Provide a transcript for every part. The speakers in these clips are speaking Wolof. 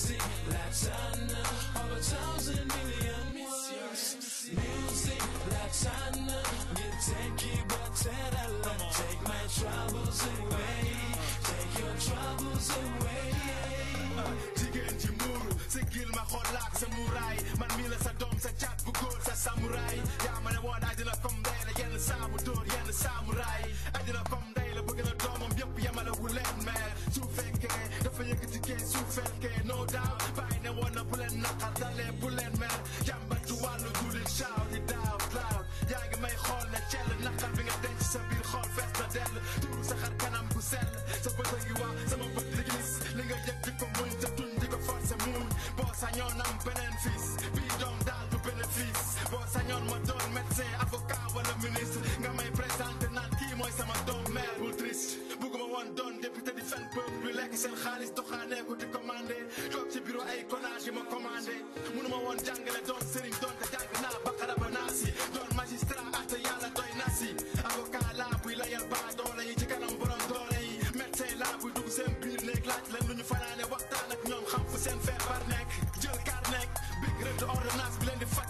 Music, Latina, of a thousand million words. Music, Latina, you take it, but tell Take my troubles away, take your troubles away. Jigéen ji muuru, siggil ma xool ak man mii la sa doom sa caat bu góor sa samuraay. Yaa ma ne woon àddina comme ndey If you get to so fake, no doubt. Find a one up and knock at the bullet man. Jam back to one who did shout it out loud. Yang may hall, a shell, not having a dent, Sabil Hall, the to Sahar Kanam Bussel. So whether you are some of the least, Linger yet to come winter, Tundigo a some moon. Boss, I know I'm Benenfis. Be down, down. bénéfice boo sañoon ma doon médecin avocat wala ministre nga may présenté naan kii mooy sama doom maire bul triste bugguma woon doon député du fen peuple Lek lekk seen xaalis doxaanee ko di commandé toog ci bureau ay connage yi ma commandé munuma woon jàngale doon sëriñ don te jàng na bakara ba Don magistrat ate yàlla doy nasi si avocat laa buy layal baa doole yi ci kanam borom doole yi médecin laa buy dugg seen biir néeg laaj leen lu ñu fanaane waxtaan ak ñoom xam fu seen feebar nek jël kaar nek big rëdd ordonnance blendi fat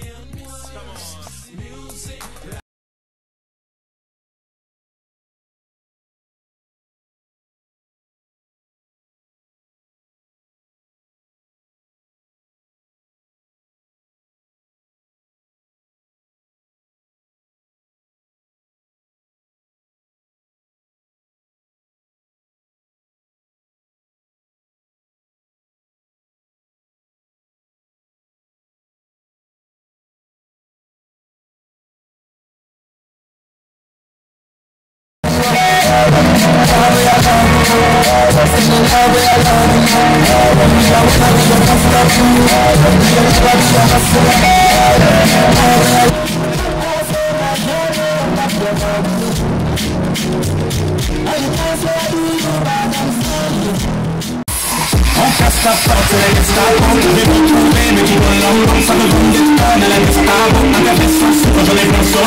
Solo,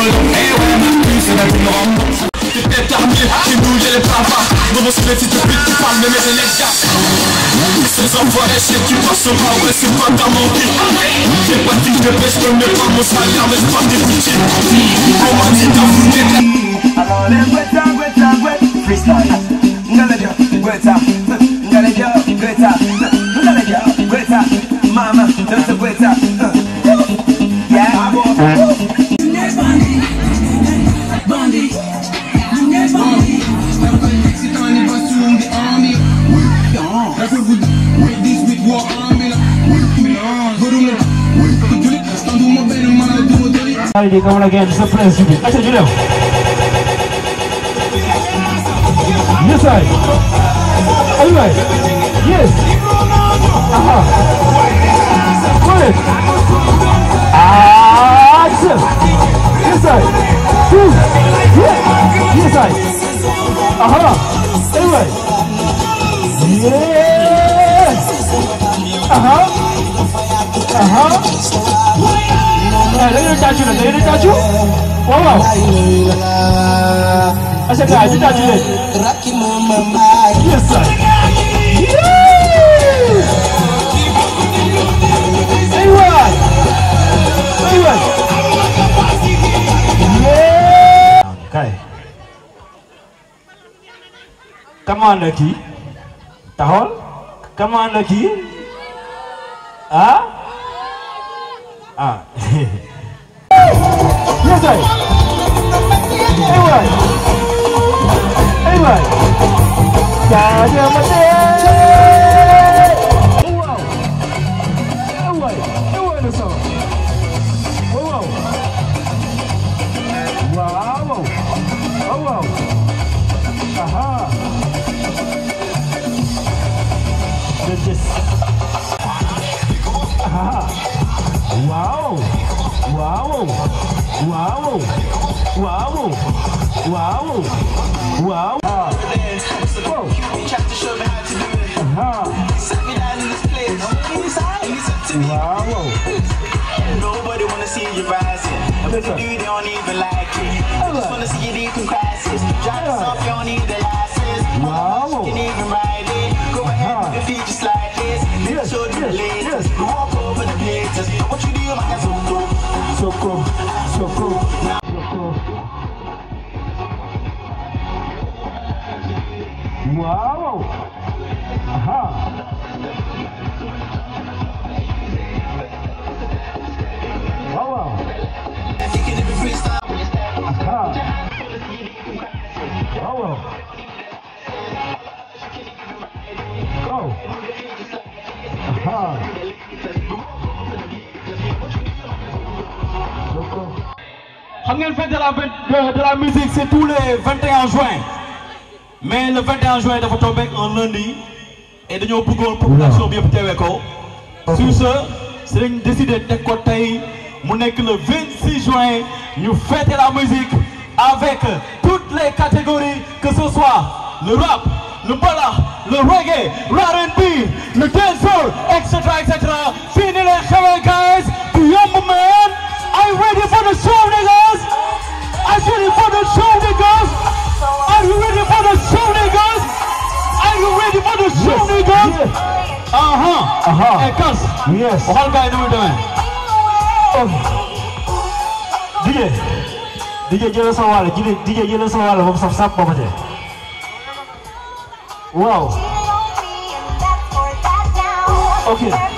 eh, ouais, ma puce, c'est la plus grande t'es peut-être nous les bravards Dans mon sommet si tu plus tu parles mais j'ai les gars Sans envoie chez tu passeras ouais c'est pas ta J'ai pas dit je ne pas mais je pas des foutu Alors les freestyle Maman They come against the president. I said, you know. Yes, I. All right. Yes. Aha. Uh-huh. Go ahead. Ah, yes. Yes, I. Two. Yeah. Yes, I. Aha. Uh-huh. Anyway. Yes. Aha. Uh-huh. Aha. Layu ta cule, layu ta cule. Wow. Asal kah, layu ta cule. Rakimu mama. Yes sir. Say what? Say what? Yeah. Kai. Come on lagi. Tahol. Come on lagi. On fait de la, de, la musique, c'est tous les 21 juin. Mais le 21 juin, il va tomber en lundi. Et nous avons beaucoup de population bien pour Sur ce, c'est une décidé de côté. Nous que le 26 juin, nous fêtons la musique avec toutes les catégories, que ce soit le rap, le ballard, le reggae, R&B, le dancehall, etc. etc. Feeling like hello guys, the young man. Are you ready for the show, niggas? Are you ready for the show, niggas? Are you ready for the show, niggas? Are you ready for the show, niggas? Uh-huh. Uh-huh. Hey, cuz. Yes. What guy do we doing? Oh. DJ. DJ jelas awal, DJ jelas awal, bom sap sap apa aja. Whoa. Okay.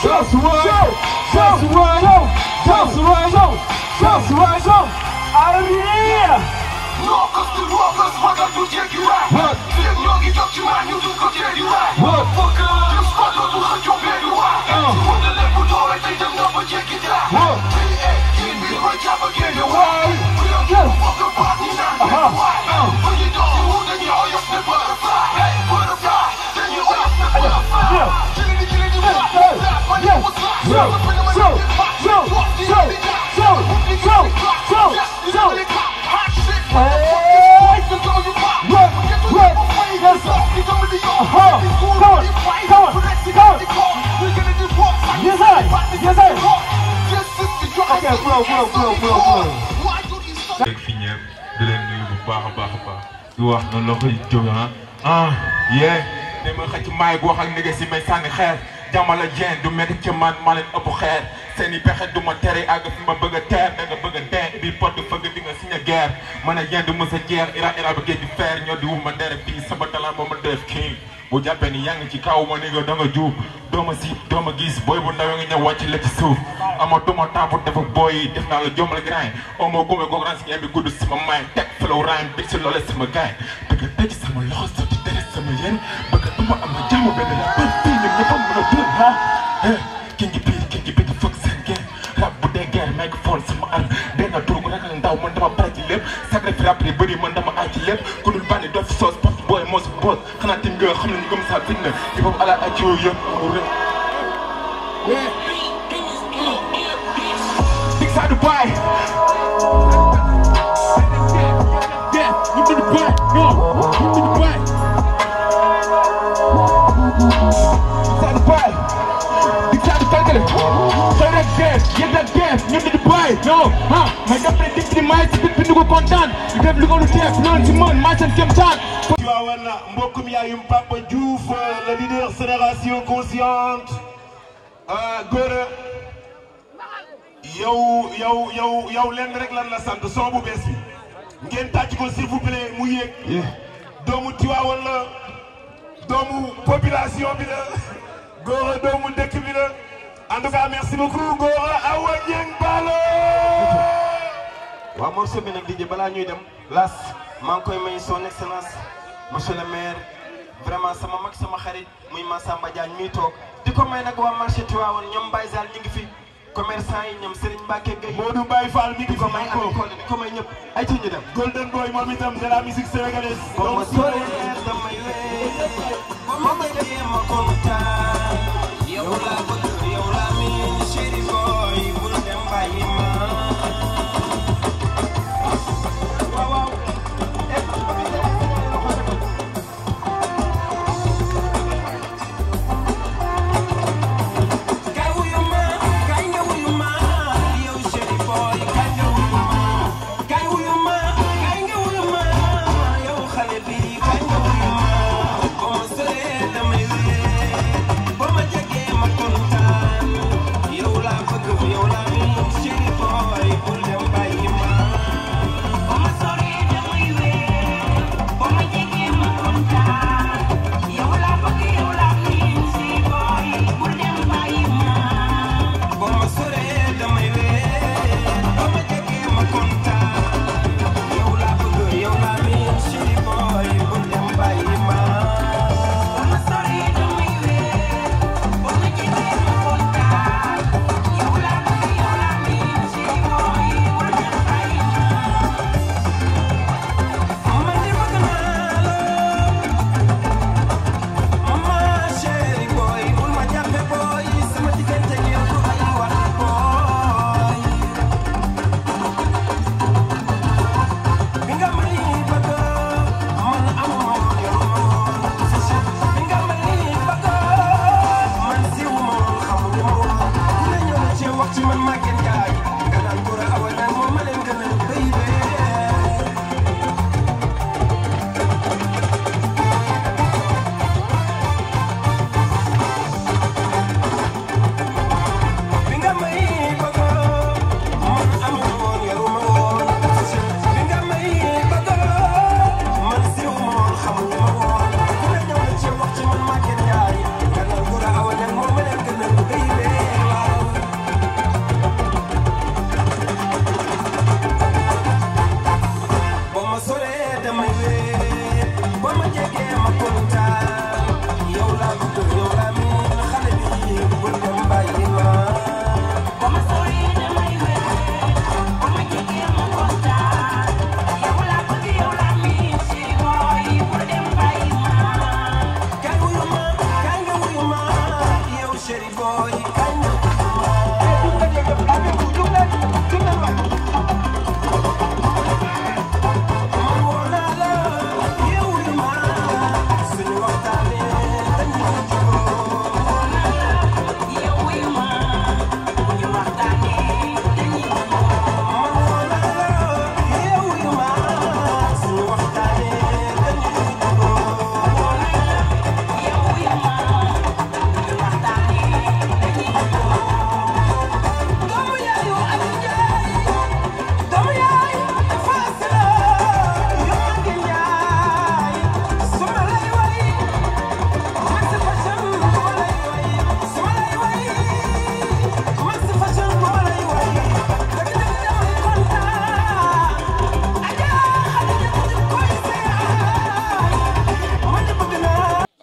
just rise up, just rise up, just rise up, just rise up, out of the air. Локости, локос, вода дуде гюра. Все ноги так чума, не духа терюра. Пока ты спадла духа тебе люра. Сегодня не буду, это идем на воде гидра. Ты, эй, ты, мир, хотя бы гелюа. Мы не могу, пока парни на не wow wow wow wow wow. rek fi ñëpp baax a baax a baax di wax na loxo yi jóg ah ah yee dama xëcc maay wax ak nigga si may sànni xeer jamala jeen du metti ci man ma ëpp xeer seen i pexe du ma tere àgg fi ma bëgg a teer da nga bëgg a dee bi pot di nga signé guerre man a yeen du mës a jeex ira ira ba géej di feer ñoo di wu ma dere fii sama talent ba ma def kii bu jàppee ni yaa ngi ci kaw ma nigga da nga juub dooma siib dooma gis booy bu ndaw nga ñëw wàcc la ci suuf amatuma temps pour dafa booy def naa la jomal grain omo gome goog ran si ñam bi gudd sama maay teg a raayam bi si loole sama gaay bëgg tëj sama loxo sotti tere sama yéen bëgg duma am na jàmm benn la bët fii ñoom ñëpp mën a dóor ha ki ngi biir ki ngi biir foog seen guerre rab bu dee guerre microphone sama ar benn tur gu ragal ndaw man dama pare ci lépp sacrifice rap yi bëri man dama aaj ci lépp gën xam nañu comme ça Big Side Dubai. Yeah, ñu ngi Dubai non ñu the Dubai. Big Side Dubai. Big Side Dubai kële. Xëy na def yéen a def ñu ngi Dubai non ah ya Papa euh, le leader génération consciente euh, Gore. lan la son s'il vous plaît population en tout cas merci beaucoup Balo excellence monsieur le maire vraiment sama mag sama xarit muy Massamba Diagne muy toog di ko may nag waa marché Tivaouane ñoom Baye Sall ñu ngi fi commerçant yi ñoom Serigne Mbacke Gueye. Modou Baye Fall mi ngi ko may Ami Collé di ko may ñëpp ay ci ñu dem. Golden Boy moom itam de la musique sénégalaise. donc su ma ma ma dee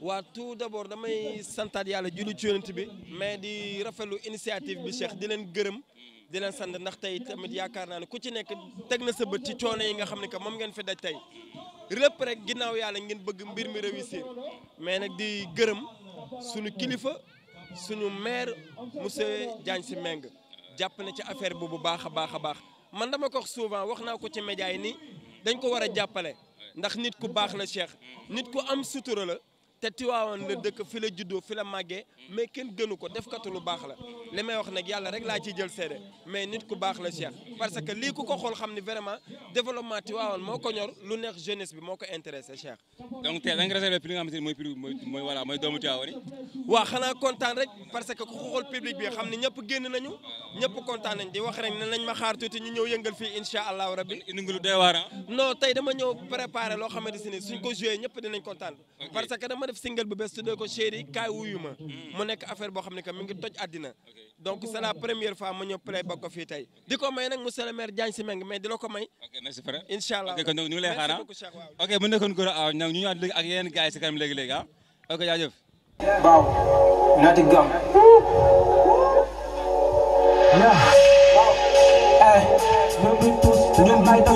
waa tout d'abord damay santaat yàlla julli ci yonent bi mais di rafetlu initiative bi Cheikh di leen gërëm di leen sant ndax tey tamit yaakaar naa ne ku ci nekk teg na sa bët ci coono yi nga xam ne que moom ngeen fi daj tey lépp rek ginnaaw yàlla ngeen bëgg mbir mi réussir mais nag di gërëm suñu kilifa suñu maire monsieur Diagne si Meng jàpp na ci affaire bi bu baax a baax a baax man dama ko souvent wax naa ko ci média yi ni dañ ko war a jàppale ndax nit ku baax la Cheikh nit ku am sutura te Tiwaawan la dëkk fi la juddoo fi la màggee mais kenn gënu ko def katu lu baax la li may wax nag yàlla rek laa ciy jël seede mais nit ku baax la Cheikh parce que lii ku ko xool xam ni vraiment développement Tiwaawan moo ko ñor lu neex jeunesse bi moo ko intéressé Cheikh. donc tey da nga réservé li nga xamante ne mooy mooy voilà mooy doomu Tiwaawan yi. waaw kontaan rek parce que ku xool public bi xam ne ñëpp génn nañu ñëpp kontaan nañ di wax rek na nañ ma xaar tuuti ñu ñëw yëngal fii incha allahu rabbi. indi nga lu doy waar ah? non tey loo xamante ne suñ ñëpp dinañ kontaan def single bu bees tuddee ko chéri kaay wuyu ma hmm. mu nekk affaire boo xam ne que mi ngi toj àddina donc c'est la première fois ma ñëw play ba ko fii tey di ko may nag monsieur le maire si meng mais dina ko may incha ok kon donc ñu ngi lay xaar ah ok mu a ah, ñu ñëwaat léegi ak yeneen si kanam léegi-léegi ah ok jaajëf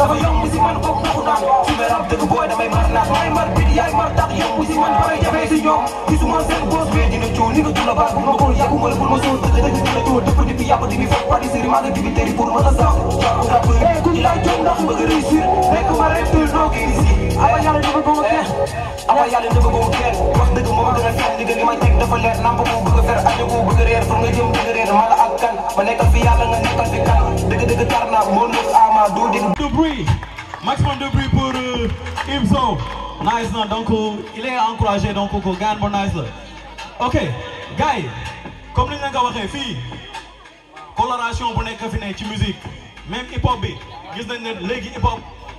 dafa yomb si man foog taxu naan su ma rab dëgg booy damay mar naat maay mar bit yaay mar tax yomb si man damay jafe si ñoom gisuma seen boos bee dina coow ni nga tula baal ma xool yàggu ma la pour ma soo dëgg dëgg dina coow dëpp di fi yàpp di fi foog padi sëri maa ngi dibi tëri pour ma la sax jàpp rappeur ci eh, laay coow ndax bëgg réussir nekk noo ngi ama yàlla dafa góob kenn ama wax dëgg moo ma gën a neex ndigal li may teg dafa leer namp ko bëgg fer ajo ko bëgg a réer nga jëm bëgg a réer mala ak kan ma nekkal fi yàlla nga nekkal fi kan dëgg dëgg tar naa ama doo dégg de bruit maximum de bruit pour euh, nice na donc il est encouragé donc ko gaan ba nice la ok gars yi ni ñu leen fii coloration fi ne ci musique même hip bi gis nañ ne léegi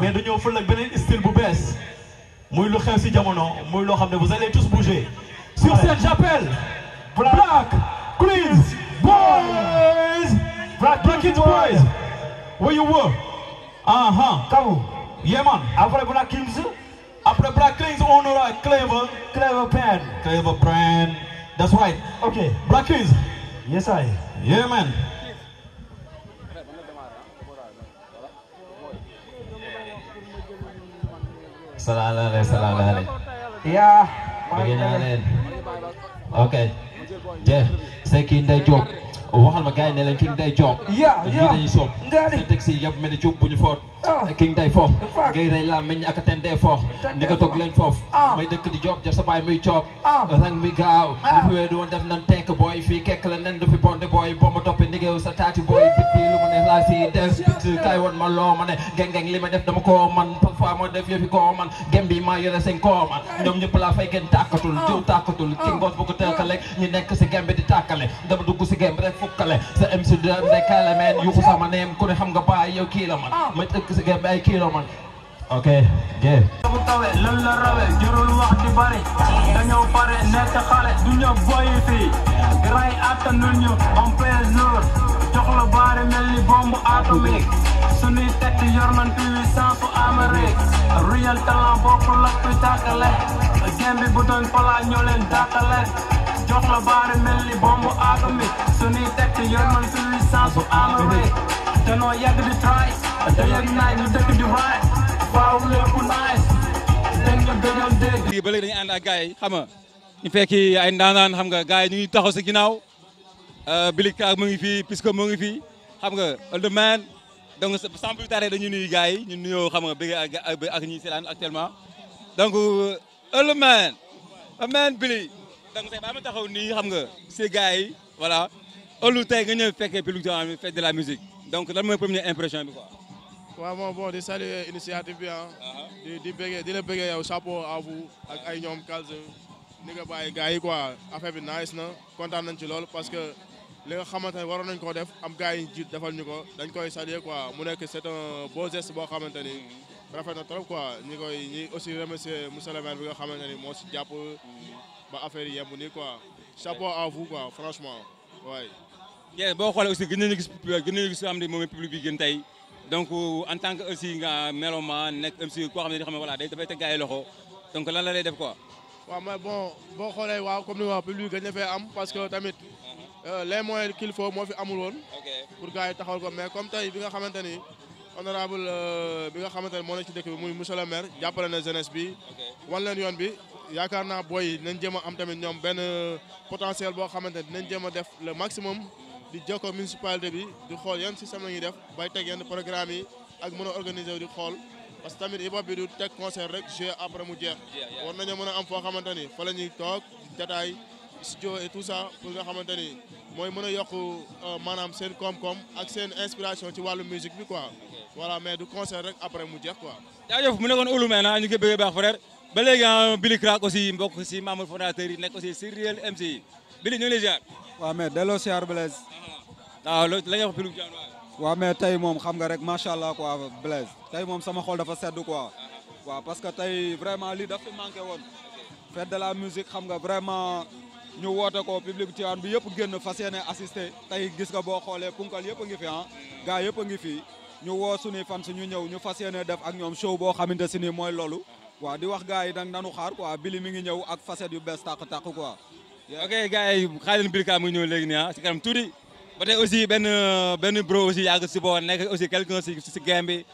mais ah. dañoo fël ak beneen style bu bess muy lu xew si jamono muy lo xam vous allez tous bouger sur cette j'appelle Black Queens Boys Black kids Boys where you were aha ah. kamu yeah man après Black kids après Black Queens, on aura Clever Clever Brand Clever Brand that's right okay Black kids yes I yeah salaala alay salaala alay yaa bëgg naa leen ok jëf c'est kii Ndeye Diop waxal ma gars yi ne leen kii Ndeye Diop yaa yaa dañuy sopp seen taxi yëpp mel ni Diop bu ñu foot Ah. king day foof ngay rey la meñ ak ten day foof ni ko toog leen ah. ah. fii kekk la nen du fi sa taati booy bit bi lu ma ne li ma def dama man parfois ma def yëfi koo man gem bi ñëpp laa fay gën tàkkatul jiw tàkkatul ñu nekk si gem bi di tàkkale dama dugg si gem rek fukkale sa m si d day kaale meen sama neem ku ne xam nga baay yow kii la man si game bi ay kilo la rawe jurul wax bari dañoo pare nekk xale du ñu boyi fii ray attanul ñu on pèse lourd jox la baari mel ni bombe atomique suñuy tekk yor nañ puissance u Amérique real talent bokku la fi tàkkale leen tàkkale jox la baari mel ni bombe atomique suñuy tekk yor nañ puissance u Amérique danoo di try lii ờ, ba léegi dañuy ànd ak gars yi xam nga ñu fekki ay ndaanaan xam nga gars yi ñu ngi taxaw si ginnaaw Billy Kak mu ngi fii Pisco mu ngi fii xam nga Old Man donc sans plus tarder dañu nuyu gars yi ñu nuyoo xam nga bëgg ak ak ñi seetaan actuellement donc Old Man a Man Billy donc tey ba ma taxaw nii xam nga si gars yi voilà Old tey nga ñëw fekkee public fête de la musique donc lan mooy première impression bi quoi waaw bon di saluer initiative bien, hein. uh-huh. di di vous di la chapeau à vous ak ay ñoom Calze ni gars quoi nice na nañ ci parce que li nga xamante ne Je nañ koo def am vous yi jiit defal saluer quoi c'est un beau geste pour mm-hmm. vous na quoi nico aussi remercier monsieur le maire bi nga mm-hmm. ba affaire quoi chapeau à vous quoi franchement bien bon, aussi gën nañu gis gën nañu am donc en tant que aussi nga mélomane nekk aussi koo xam ne di xam ne voilà day dafay teg gars loxo donc lan la lay def quoi. wa mais bon bo xolé wa comme ni public dañ fee am parce que tamit uh-huh. euh, les moyens qu'il faut moo fi amul woon. pour gars yi taxawal ko mais comme tay bi nga xamante ni honorable euh, bi nga xamante ni moo ci dëkk bi muy monsieur le maire jàppale na jeunesse bi. wan leen yoon bi yaakaar boy booy nañ jéem am tamit ñom ben euh, potentiel bo xamante ni dinañ def le maximum. di jokkoo municipalité bi di xool yan si la ñuy def bay teg yenn programme yi ak mën a organiser wu di xool parce que tamit hip bi du teg concert rek jouer après mu jeex war nañoo mën a am foo xamante ni fa la ñuy toog jataay studio et tout ça nga xamante ni mooy mën a yokk euh, maanaam seen koom-koom ak seen inspiration ci wàllu musique bi quoi voilà mais du concert rek après mu jeex quoi jaajëf mu nekkoon ulu meena ñu ngi baax frère ba léegi ah, Billy yi nekk aussi Serial waaw mais delloo siyaar Blaise. waaw la wax Pilou Diagne waaw. xam nga rek macha quoi sama xol dafa sedd quoi. waaw parce que tey vraiment lii dafa manqué woon. fête de la musique xam nga vraiment ñu woote ko public Tivaouane bi yëpp génn fas yéene assisté gis nga boo xoolee punkal yëpp ngi fi ah. ngi fi ñu ñu ñu def ak show boo xamante si ni mooy di wax gars yi xaar quoi bili mi ngi ñëw ak facette yu bees tàq quoi ok guys, kalian pilih kamu mu ñëw nih, nii ah si kanam tuuti. ben, tey bro aussi yàgg si boo nekk aussi quelqu'un si si game bi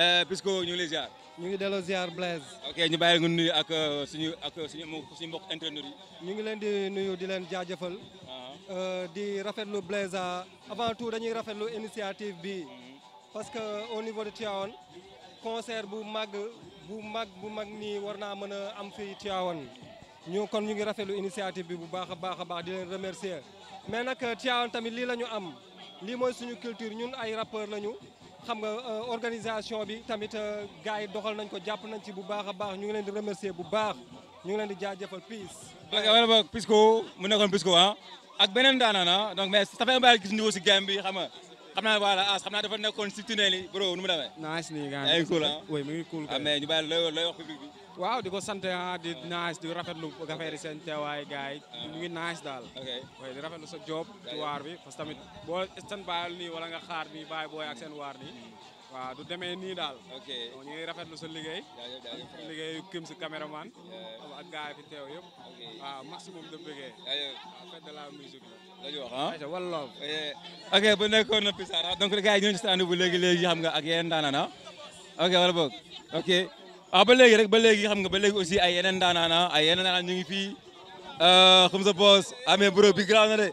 eh, puisque ñu ngi ya. ziar. ñu ngi delloo blaz. Blaise. ok ñu bàyyi aku, nuyu aku euh, suñu ak suñu euh, suñu mbokk internet yi. ñu ngi leen di nuyu di leen jaajëfal. Uh-huh. Euh, di rafetlu Blaise ah, avant tout dañuy rafetlu initiative bi mm-hmm. parce que au niveau de Tivaouane concert bu mag bu mag bu mag ni warna naa am ñu kon ñu ngi rafetlu initiative bi bu baax a baax a baax di leen remercier mais nag euh, Tivaouane tamit lii la ñu am lii mooy suñu culture ñun ay rappeur lañu xam nga euh, organisation bi tamit euh, gars yi doxal nañ ko jàpp nañ ci bu baax a baax ñu ngi leen di remercier bu baax ñu ngi leen di jaajëfal peace. wala boog Pisco mu nekkoon Pisco ah ak beneen daanana ah. donc mais ça fait un bail gis niveau si game bi xam nga xam naa voilà as naa dafa nekkoon si tunnel yi bro nu mu demee. nice nii gars yi mu ngi cool ah. ah, mais ñu bàyyi looy waaw di ko sant di nice di rafetlu Lu, yi seen teewaay gars guys, ñu ngi nice daal. ok waaye di rafetlu sa job. ci waar bi parce que tamit boo seen ni, nii wala nga xaar nii bàyyi booy ak seen waar nii. Hmm. waaw du demee nii daal. ok ñu oh, ngi rafetlu sa eh. ya, liggéey. Ya, ya, eh, jaajëf jaajëf liggéeyu kim si cameraman. ak gars yi fi teew yëpp. ok waaw maximum de bëggee. jaajëf waaw fête de la musique la. la ñu wax ah wallaaw. ok bu nekkoon na Pissarra donc gars yi ñoo ñu si bu léegi léegi xam nga ak yeneen daanana ok wala boog ok. waaw ah, ba léegi rek ba léegi xam nga ba léegi aussi ay yeneen daanaan ah, ay yeneen ñu ngi fii xam sa boos amee bureau bi grand na de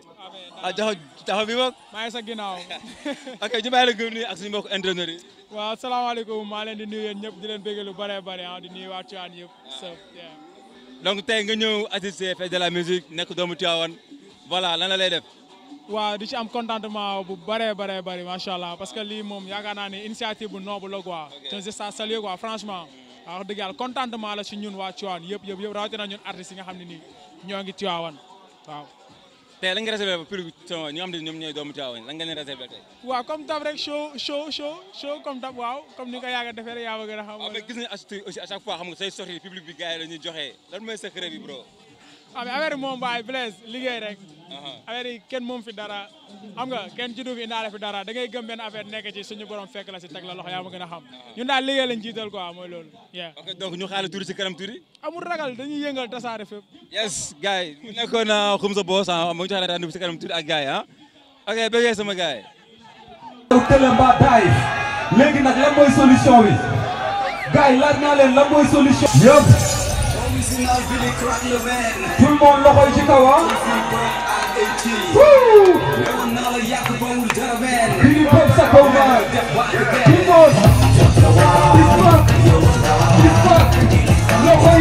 ah jaxaw jaxaw bi mag maa ngi sa ginnaaw ok ñu bàyyi la gëm nii ak suñu mbokk entraîneur waaw asalaamaaleykum maa leen di nuyu ñëpp di leen bégg lu bëree bëri ah di nuyu waa Tivaouane yëpp donc tey nga ñëw assister fête de la musique nekk doomu Tivaouane voilà lan la lay def waaw di ci am contentement bu bëree bëree bëri macha allah parce que lii moom yaakaar naa ne initiative bu noble la quoi waaw wax dëgg yàlla contentement la si ñun waa Tivaouane yëpp yëpp yëpp rawatina ñun artistes yi nga xam ne ñoo ngi Tivaouane waaw. tey la nga réservé comme dab rek show show show show comme dab waaw comme ni ko yaaga defee rek yaa ma a xam. Ah, gis nañu aussi à chaque fois xam nga say sorties public bi lan mooy secret bi xam affaire yi moom baay Blaise liggéey rek. affaire yi kenn moom fi dara xam nga kenn juddu fi indaale fi dara da ngay gëm benn affaire nekk ci suñu borom fekk la si teg la loxo yaa ma gën a xam. ñun daal liggéey lañ jiital quoi mooy loolu. ok donc ñu xaale tuuti si kanam tuuti. amul ragal dañuy yëngal tasaare fépp. yes gars yi mu nekkoon ah, Xumza Boss ah ma ñu jox la rendez-vous si a tuuti ak gars yi ah. ok bëggee sama gars yi. Kélémba Taïf léegi nag lan mooy solution bi. gars tout le monde loxo yi ci kaw ah. wuu. kii di loxo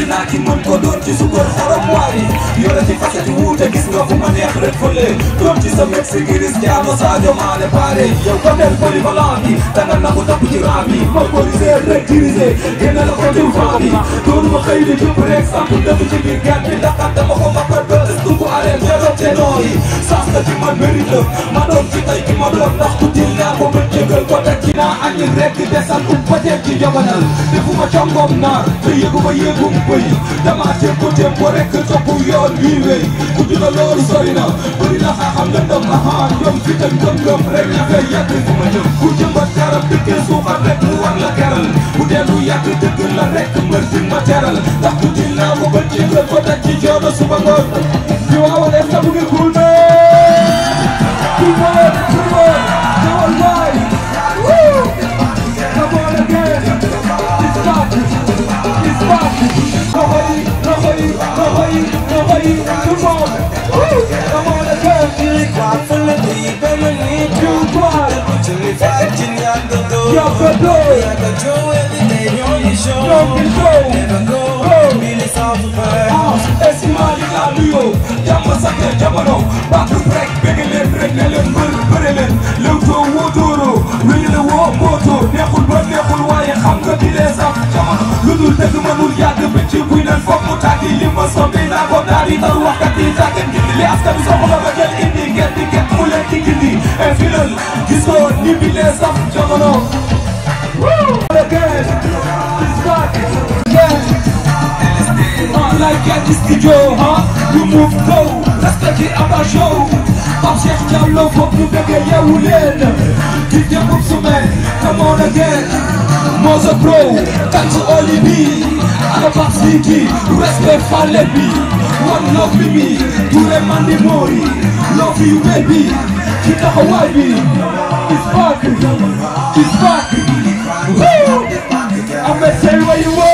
yi naa ci mën ko doon ci sukkur xorom waay yi yore ci facette wuute gis nga fu ma neex rek fële doon ci sa meq si giris Thiago Sadio Mané pare yow ko del polyvalent bi danga nangu topp ci rang bi mobiliser rek diriger génne la ko ci vent ma xëy di jub rek samp dëgg ci biir gàtt bi ndax dama ko ku ko areel delloo te noori saas la ci man mérite la ma doon fi tey ki ma doon ndax ku til naa ko mën jégal ko teg ci naa añil rekk desal um peut-être ci joganal defuma congoom naar te yëgu ma yëgum bëy dama tempo tempo rekk topp yoon wii wéy ku dina loolu sori na bëri na xaaxam lëndëm ahaa ñoom fi tam gëm-gëm rek ña fay yàgg fu ma jëm ku jëmbat garab dëkkee suuxat rek mu war la keral bu dellu yàgg dëgg la rekk mbër fi ma teral ndax ku til naa ko mën jégal ko teg ci joono suba ngoon Llevaban esta mujer culpa. People, people, they were right. Woo! Come on again. It's back. It's back. Nobody, nobody, nobody, nobody. Come on. Come on again. You cry. You're the door. You're the door. You're the door. Never go. sans frère et si Malick laa nuyoo jàmm sax la jamono bàkkut rek bëgg leen rek ne leen bër bëre leen Leewtoo woo dóoroo wéñu la woo neexul waaye xam nga di lee lu dul dëgg mënul yàgg bëcc buy naan foog mu li ma soppe naa ko daal tar waxkat yi tàggat li askan bi soxla ba jël indi gerte like at the studio, huh? You move low, let's take it up a show Upstairs Carlo, fuck you baby, yeah we in Give your moves to me, come on again Mother bro, thanks to only me I'm a pop respect for Lepi One love with me, do the money money Love you baby, keep the Hawaii It's back, it's back Woo! I'm gonna tell you what you want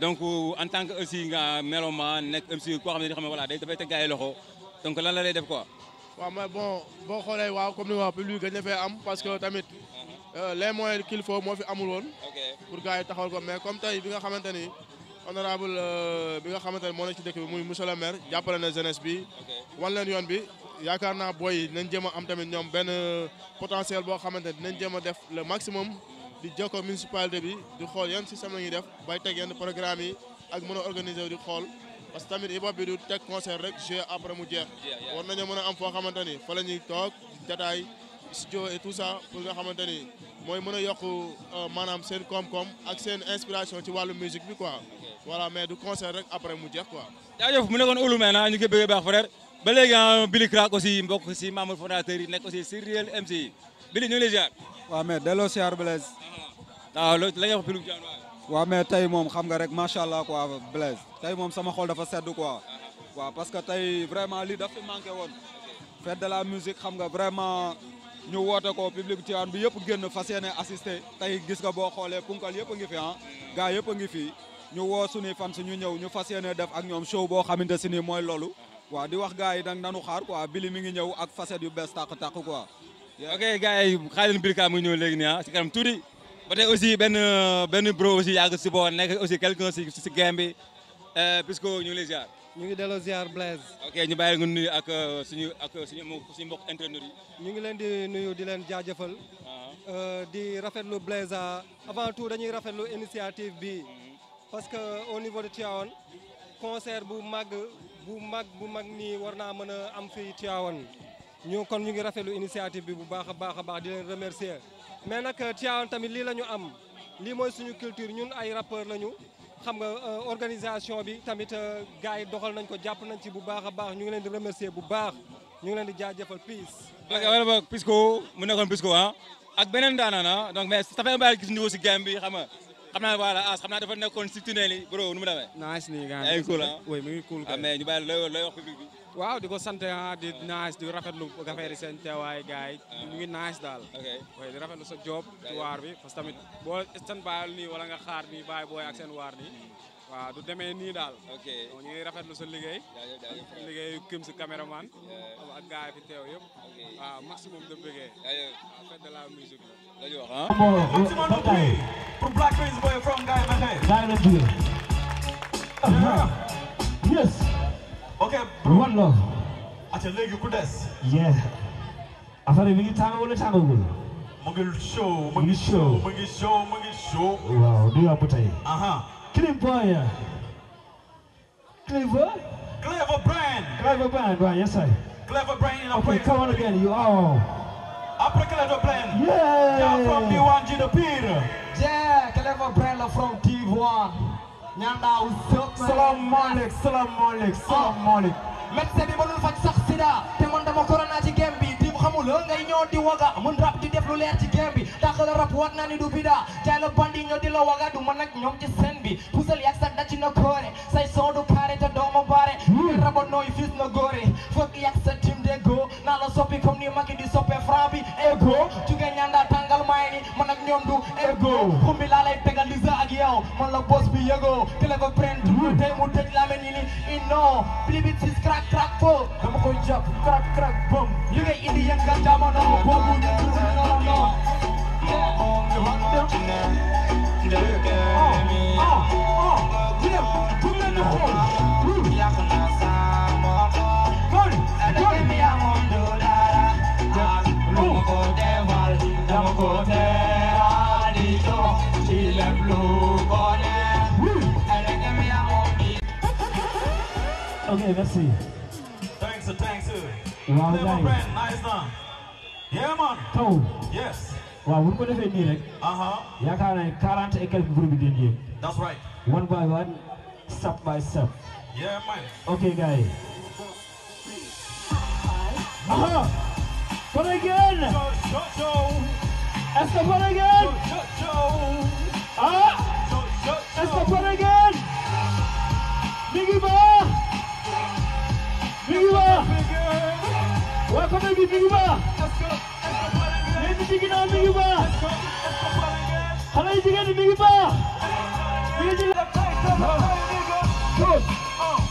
donc en tant que aussi nga mélomane nekk aussi koo xam ne xam ne voilà day dafay teg loxo donc lan la lay def quoi. wa mais bon bo xolé wa comme ni public dañ fay am parce que tamit uh-huh. euh, les moyens qu'il faut mo fi amul woon. pour gars yi taxawal ko mais comme tay bi nga xamante ni honorable euh, bi nga xamante mo moo ci dëkk bi muy monsieur le maire jàppale na jeunesse bi. wan len yoon bi yaakaar boy booy nañ jéem am tamit ñom ben euh, potentiel bo xamante ni dinañ jéem def le maximum. di jokkoo municipalité bi di xool yan système la ñuy def bay teg yenn programme yi ak mën a organiser di xool parce que tamit hip bi du teg concert rek jouer après mu jeex war nañoo mën a am foo xamante ni fa la ñuy toog jataay studio et tout ça nga xamante ni mooy mën a yokk euh, maanaam seen koom-koom ak seen inspiration ci wàllu musique bi quoi voilà mais du concert rek après mu jeex quoi jaajëf mu nekkoon ulu mee na baax frère ba léegi ah, Billy Crack aussi mbokk yi nekk aussi waaw mais delloo siyaar Blaise. Ah, waaw loolu la nga wax Pilou Diagne waaw. waaw mais xam nga rek macha allah quoi Blaise tey moom sama xol dafa sedd quoi. waaw parce que tey vraiment lii daf fi manqué woon. fête de la musique xam nga vraiment ñu woote ko public Tivaouane bi yëpp génn fas yéene assisté tey gis nga boo xoolee punkal yëpp ngi fi ah. gaa yëpp ngi fi ñu woo suñuy fan suñu ñëw ñu fas def ak ñoom show boo xamante si ni mooy loolu. waaw di wax gaa yi nag nanu xaar quoi bili mi ngi ñëw ak facette yu quoi ok guys, kalian xaar kamu Birka mu ñëw léegi nii ah si kanam tuuti ba bro aussi yàgg si boo nekk aussi quelqu'un si si game bi eh, puisque ñu ngi lay ziar. ziar Blaise. ok ñu bàyyi nga nuyu ak euh, suñu ak suñu euh, suñu mbokk entraîneur di nuyu di leen jaajëfal. Uh-huh. Euh, di rafetlu Blaise ah, avant tout dañuy rafetlu initiative mm-hmm. parce que au niveau de Tivaouane concert bu mag bu mag bu mag nii warna naa mën ñu kon ñu ngi rafetlu initiative bi bu baax a baax a baax di leen remercier mais nag euh, Tivaouane tamit lii la ñu am lii mooy suñu culture ñun ay rappeur lañu xam nga euh, organisation bi tamit euh, gars yi doxal nañ ko jàpp nañ ci bu baax a baax ñu ngi leen di remercier bu baax ñu ngi leen di jaajëfal peace. wala boog ko mu nekkoon ko ah ak beneen daanaan ah donc mais ça fait un bail gis niveau si game bi xam nga. xam naa voilà as xam naa dafa nekkoon si tunnel yi bro nu mu demee. nice nii gars yi mu ngi cool. Ah? ah mais ñu bàyyi looy looy waaw di ko sant ah di nice di rafetlu affaire yi seen teewaay gars yi ah. ñu ngi nice daal. ok di rafetlu sa job. ci waar bi parce que tamit boo seen bàyyil nii wala nga xaar nii bàyyi booy ak seen waar nii. waaw du demee nii dal. ok donc ñu ngi rafetlu sa liggéey. jaajëf Kim si caméraman. ak gars yi fi teew yëpp. waaw maximum de bëggee. jaajëf waaw fête de la musique la. dañu wax ah. maximum de bëggee. from Black Prince Boy from Gaye Mekhe. Gaye Mekhe. yes. ok. one love. ati léegi ku des. yeah. affaire yi mi ngi tàng wala tàngagul. mu ngi show mu ngi show mu ngi show mu ngi show. waaw du yomb tey. Cliff Bryan. Clever? Clever Bryan. Clever Bryan, right, yes sir. Clever in Bryan. Okay, come on again, you all. Après Clever Bryan. Yeah. you from D1 G the Peter. Yeah, Clever Bryan from D1. Nyanda usop. Salam alaikum, salam alaikum, salam oh. alaikum. Mette di bolun fat saksida. Teman dama corona ci game. la i ñoo di waga mën rap di def lu leer ci game a taxal rap wat naa ni du bida jaay la bandi ñoo di la waga du mën ak ñoom ci seen bi pusal yak sa koore say son du pare te dooma bare i rabo nooy fis na góore fokk yak sa tim a go naa a soppi comme ni magi di soppe franc bi ego ñandaat ñoom du ergo xumbi laa lay tegal di la boss bi yëgoo ki la ko prend tey mu tëj laa mel ni ni inno bilibit sis crack crack fo dama koy jàpp crack crack bom Oh, oh, oh, Okay, let's see. Thanks, thanks. Wow, nice. Friend, nice done. Yeah, man. Toad. Yes. Wow, we're going to be direct. Uh-huh. Yeah, can current a group in here. That's right. One by one, step by step. Yeah, man. Okay, guys. Uh-huh. But again. Show, show, show. That's the one again. Ah. That's the one again. Biggie Ba. Welcome baby Let's Maybe Biggie now Biggie Ba. Hello, you get the Biggie Good.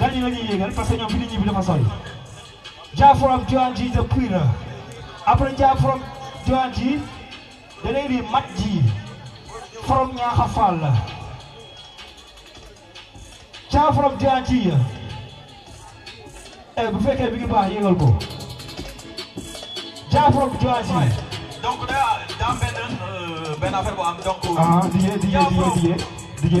dañu la ñuy yéegal parce que ñoom fi ñu ñibbi dafa sori Jah from the Queen après Jah from Joanji da lay di mat ji from Ñaaxa Fall Jah from Joanji eh bu fekkee kan bi ngi baax yéegal ko Jah from Joanji donc da daa eh, benn benn affaire bu am donc. ah di yee di yee di di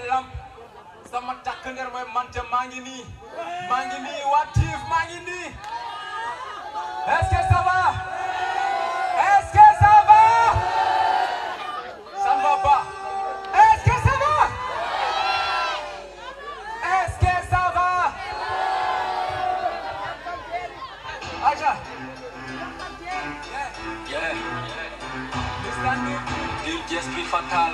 sama takk ndeer mooy man ca maa ngi nii maa ngi nii waa Tiv maa ngi nii est-ce que ça va est-ce que ça va ça va pas est-ce que ça va est-ce que ça va aja yeah yeah yeah gis nañ ni di geste bi fatal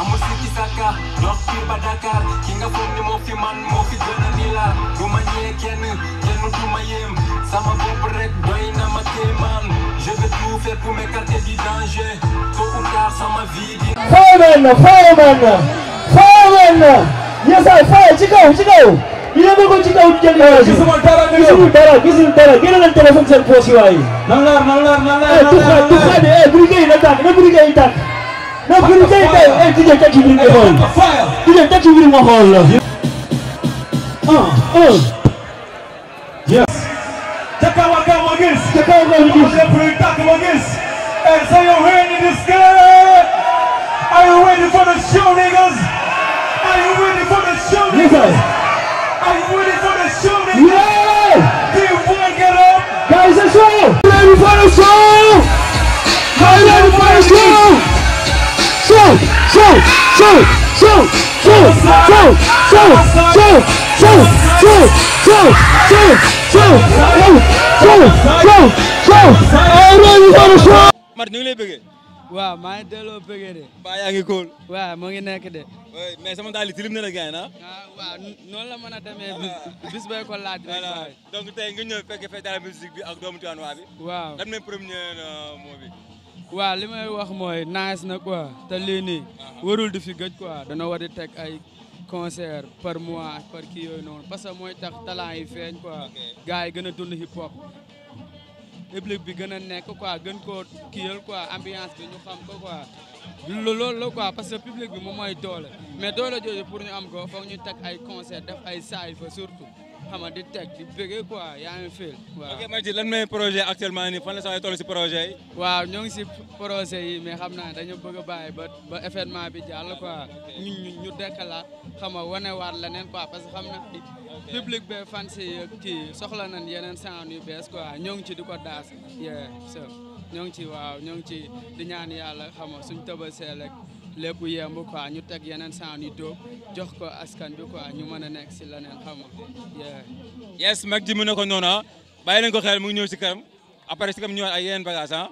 amul sikki sàkka dox fii ba Dakar ki nga foog ni moo fi man moo fi gën a ni la du ma ñee kenn kenn du ma yéem sama bopp rek doy na ma kéemaan je vais tout faire pour m'écarter du danger tôt ou tard sama vie di faaman na faaman na faaman na yesaay faay ci kaw ci kaw yéen a ko ci kaw jël gisuma dara gisuma dara gisuma dara génne leen téléphone seen poche yi waaye nan laar nan laar nan laar eh, tuxaat tuxaat eh brigade na tàkk na brigade yi tàkk Non, put DJ, hey, DJ, touch you in the hole. DJ, touch you in the hole. Uh, uh. Yes. Check out what I'm against. Check out what I'm against. I'm going to play back against. And so you're hearing this guy. show, show, show, show, show, show, show, show, show, show, show, show, show, show. Mar ñu ngi lay bëggee. waaw maa ngi delloo bëggee de. mbaa yaa ngi kóol. waaw moo ngi nekk de. mais sama daal yi tilim na la gaañ na. waaw noonu la mën a demee bis bis bay ko laaj rek. donc tey nga ñëw fekk fête de la musique bi ak doomu Tivaouane waa bi. waaw lan mooy premier mot bi. waa li may wax mooy naas na quoi te lii warul di fi gëj quoi dana war di teg ay concert par mois ak par kii noonu parce que mooy tax talent yi feeñ ko gars yi gën a dund hip hop public bi gën a nekk quoi gën ko kiyal quoi ambiance bi ñu xam ko quoi loolu la quoi parce que public bi moom mooy doole mais doole jooju pour ñu am ko foog ñu teg ay concert def ay saay fa surtout xam nga di teg di bëggee quoi yaa ngi fil waaw. ok Maïty lan mooy projet actuellement ni fan la sax toll si projet yi. waaw ñoo ngi si projet yi mais xam naa dañu bëgg a bàyyi ba ba événement bi jàll quoi ñu ñu ñu dekkalaat xam wane waat la quoi parce que xam na di public be fan si kii soxla nañ yeneen sound yu bees quoi ñoo ngi ci di ko daas. ñoo ngi ci waaw ñoo ngi ci di ñaan yàlla xama nga suñ tëbasee rek. lépp yemb quoi ñu teg yeneen sound yu dóob jox ko askan bi quoi ñu mën a nekk si leneen xam nga yes mag ji mu na ko noonu ah. bàyyi leen ko xel mu ngi ñëw si kanam après si kam ay yeneen bagage ah.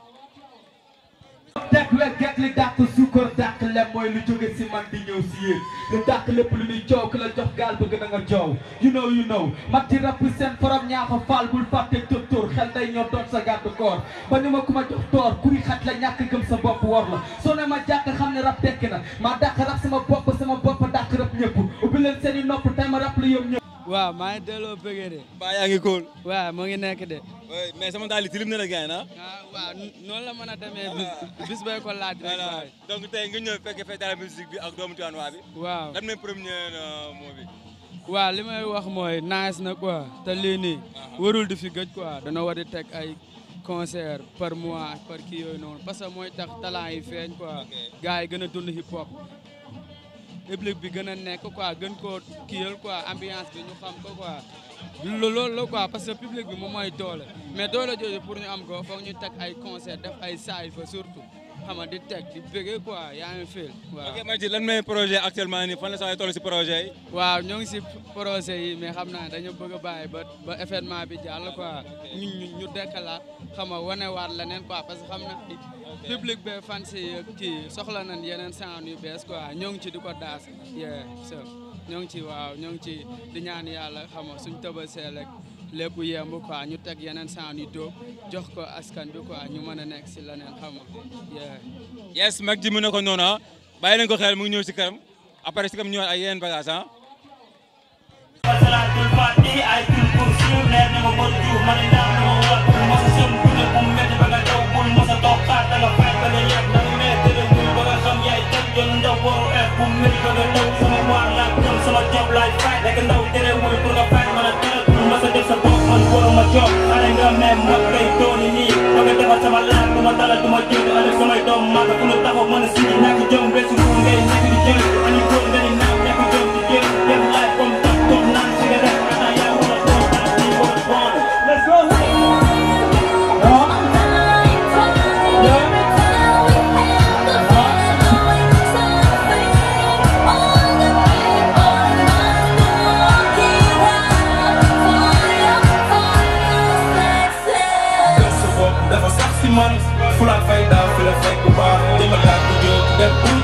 dàq wekket li dàq suukar dàq lem mooy lu jóge si man ñëw si yéen li dàq lépp lu ñuy coow ki la jox gaal bëgg na nga joow you know you know mag ci rap seen forom ñaaxa faal bul fàtte tóor xel day ñoo doon sa gàddu koor ba ñu ma ku ma jox toor kuri xat la ñàkk gëm sa bopp wor la soo ne ma jàkk xam ne rap tekki na ma dàq rap sama bopp sama bopp dàq rap ñëpp ubbi leen seen nopp tey ma rap lu ñëpp waaw maa ngi delloo pege de. mbaa yaa ngi kóol. waaw moo ngi nekk de. mais sama daal li tilim na la gaañ ah. na. Ah, waaw la mën a demee bis ah. bis bay ko laaj. voilà donc tey nga ñëw fekk fête musique bi ak doomu Tivaouane waa bi. waaw lan mooy euh, li may wax mooy nice na quoi te warul di fi gëj quoi danoo war di teg ay. concert par mois par kii yooyu noonu parce que mooy tax talent yi feeñ quoi. gars yi gën a dund hip hop. public bi gën a nekk quoi gën koo kiyal quoi ambiance bi ñu xam ko quoi loolu la quoi parce que public bi moom mooy doole mais doole jooju pour ñu am ko foog ñu teg ay concert def ay saay fa surtout xam nga di teg di bëggee quoi yaa ngi fil waaw. ok Maïty lan mooy projet actuellement ni fan la sax toll si projet yi. waaw ñoo ngi si projet yi mais xam naa dañu bëgg a bàyyi ba ba événement bi jàll quoi ñu ñu ñu xama wane nga wanewaat neen quoi parce que xam na di public be fan si kii soxla nañ yeneen sound yu bees quoi ñoo ngi ci di ko daas. yeah so ñoo ngi ci waaw ñoo ngi ci di ñaan yàlla xam nga suñ tëbasee rek. lépp yemb quoi ñu teg yeneen saan yu dóob jox ko askan bi quoi ñu mën a nekk si leneen xam nga. yes mag ji mu na ko noonu ah bàyyi ko xel mu ngi ñëw si kanam après si kanam ñëwaat ay yeneen bagages ah. Thank you. I'm nappay dooni nii bëgg a defar sama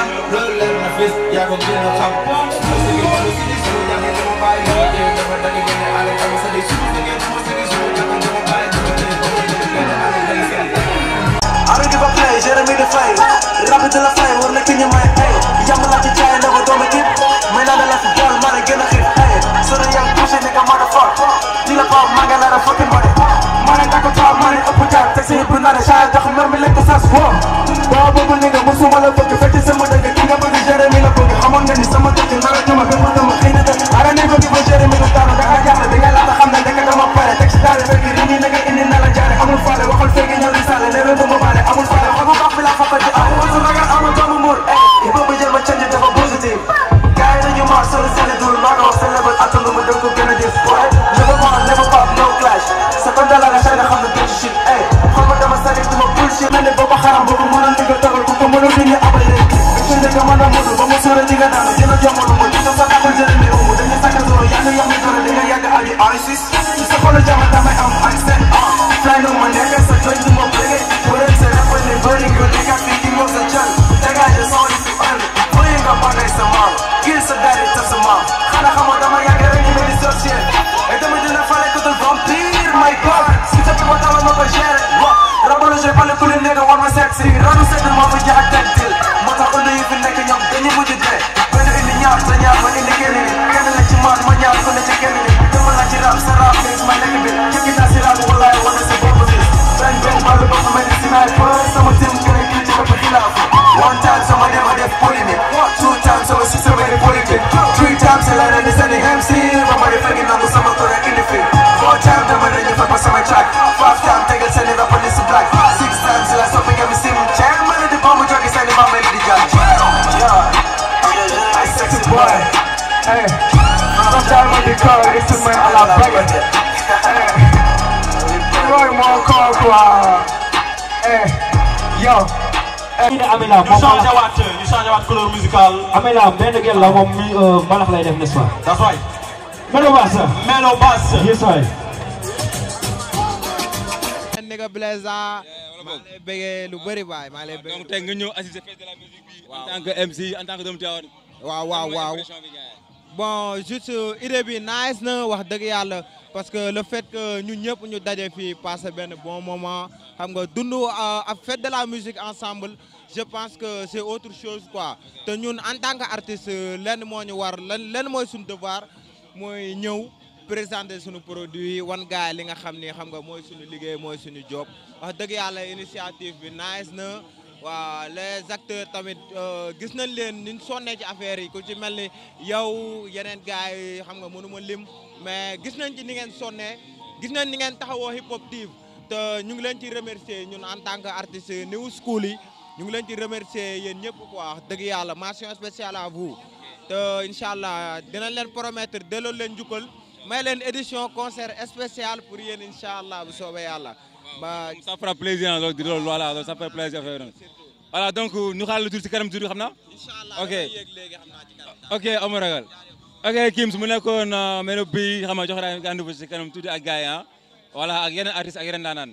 I'm gonna a a fucking money money, I can talk money up and down. Taxi, but not a shy, I can remember like a sass war. Bob, but nigga, what's the motherfucker? Fetch some of the king of the Jeremy, I'm on the summer, the king, I'm on the mother, I don't even give a Jeremy, the town, the guy, the guy, the guy, the guy, the guy, the guy, the guy, the guy, the guy, I'm gonna follow, I'm gonna figure out the salad, never do my body, I'm gonna follow, I'm gonna feel like I'm gonna do my I'm gonna do more, eh? If I'm gonna change it, I'm positive. Guy, you must sell it, sell it, do it, I'm gonna sell it, but I told them I don't go Kennedy. ci mel a This is the MC, I'm already on the summer to the industry. Four times, I'm already fucking on track. Five times, take a send it up on this black. Six times, last up, I'm missing. Jam, i the bomb, drug is sending my melody jam. Yeah, I sexy boy. Hey, sometimes on the car, it's in my ala bracket. Hey, Roy Moncor, Hey, yo. Hey, I'm in a bomb. changé waat couleur musicale. amee ben benn gel la moom mi euh, mbalax lay def n'est-ce pas. that's right. Melo Bass. Melo Bass. yes waay. nigga Blaza. Ah. maa ngi lay bëggee lu bëri waay maa lay donc tey nga ñëw assister fête de la musique bi. en tant que MC en tant que doomu Tivaouane. Wow, wow, wow. bon juste euh, idée bi nice na wax dëgg yàlla parce que le fait que ñun ñëpp ñu daje fii passé benn bon moment xam nga dund euh, ak fête de la musique ensemble. je pense que c'est autre chose quoi te ñun en tant que artiste lenn moo ñu war lenn lenn mooy suñu devoir mooy ñëw présenter suñu produit wan gaay li nga xam ni xam nga mooy suñu liggéey mooy suñu job wax dëgg yàlla initiative bi nice na waaw les acteurs tamit euh, gis nañ leen ni ñu sonnee ci affaire yi ku ci mel ni yow yeneen gars xam nga mënu ma lim mais gis nañ ci ni ngeen sonnee gis nañ ni ngeen taxawoo hip hop div te ñu ngi leen ci remercier ñun en tant que artiste new school yi ñu ngi leen ci remercier yéen ñëpp quoi wax dëgg yàlla mention spéciale à vous te inshallah allah dinañ leen promettre delloo leen jukkal may leen édition concert spécial pour yéen inshallah allah bu yalla yàlla. ba ça fera plaisir donc di loolu voilà loolu ça fera plaisir voilà donc nous xaaral lu tur si kanam tur xam naa. ok ok amul ragal ok Kims mu nekkoon euh, melo bi xam nga jox naa rendez-vous si kanam tuuti ak gars hein voilà ak yeneen artistes ak yeneen daanaan.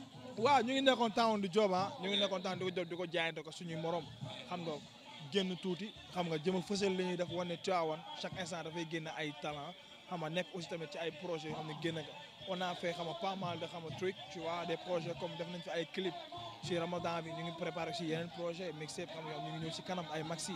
waaw ñu ngi nekkoon temps di joobaa ñu ngi nekkoon temps di ko di ko jaayante ko suñuy morom xam nga génn tuuti xam nga jëm a fësal li ñuy def wane Tivaouane chaque instant dafay génn ay talent xam nga nekk aussi tamit ci ay projet xam ne génn nga on a fait xam nga pas mal de xam nga truc tu vois comme def nañ fi ay clip ci Ramadan bi ñu ngi préparé si yeneen projet mixé xam nga ñu ngi ñëw ci kanam ay maxi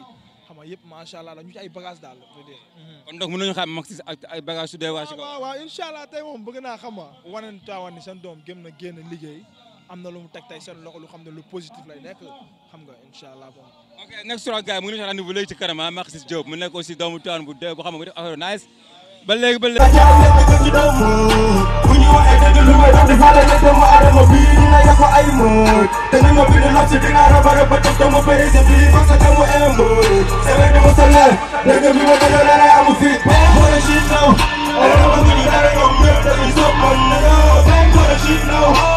xam nga yëpp macha allah ñu ci ay bagages daal je veux dire. Mhm. kon donc mën xam maxi ak ay bagages su dee waa ci kaw. waaw waaw incha allah tey moom bëgg naa xam nga wane Tivaouane ni seen doom gëm na génn liggéey. am lu mu teg tey seen loxo lu xam lu positif lay nekk xam nga incha bon. ok next sur gars yi mu ngi leen di rendez-vous léegi ci kanam ah Maxis Diop mu nekk aussi doomu Tiwaan bu dee boo xam ne affaire nice ba léegi ba léegi. bu ñu waxee dëgg lu may doon di faale ne doomu adama bii ñu ne yàqu ay mood te ni ma bind lox si dinaa raba raba def doomu bëri sa bii parce que mu émbo. sëbëj sa lal léegi bi ma bëgg dara amu fi. What a shit now. All I want to do is that I don't care that you so much now. Thank God a shit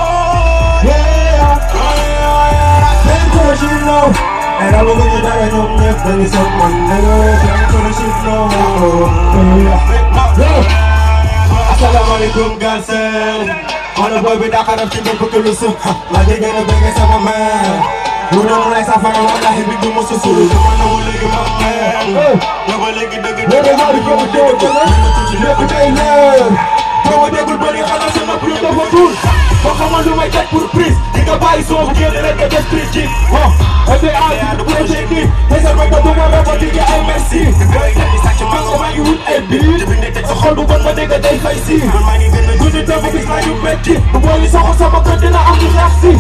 i 애라보고 다른 없는 등에서 만나는 멘토실로 Assalamualaikum gansen Mana boy beda karab ci bëpp ko lusu La di gëna bëgg sama man Lu doon lay safara wallahi bi du musu su Dama na wala gi ma man Dama legi dëgg dëgg Dama legi dëgg dëgg Dama legi dëgg dëgg boo dégul bëri xanaa sama prix dafa tuur boo xamal lu may teg pour prise di nga bàyyi soo génn rek nga def prise ji bon. FDA du projet bi te sa mbokk bu ma rafetlu nga ay merci. ci parce que maa ngi wut ay biir sa xol bu bon ma dégg day fay si man maa ngi gën a guddi te bu gis naa ñu metti bu boo ñu soxo sama kër dina am ñu xeex si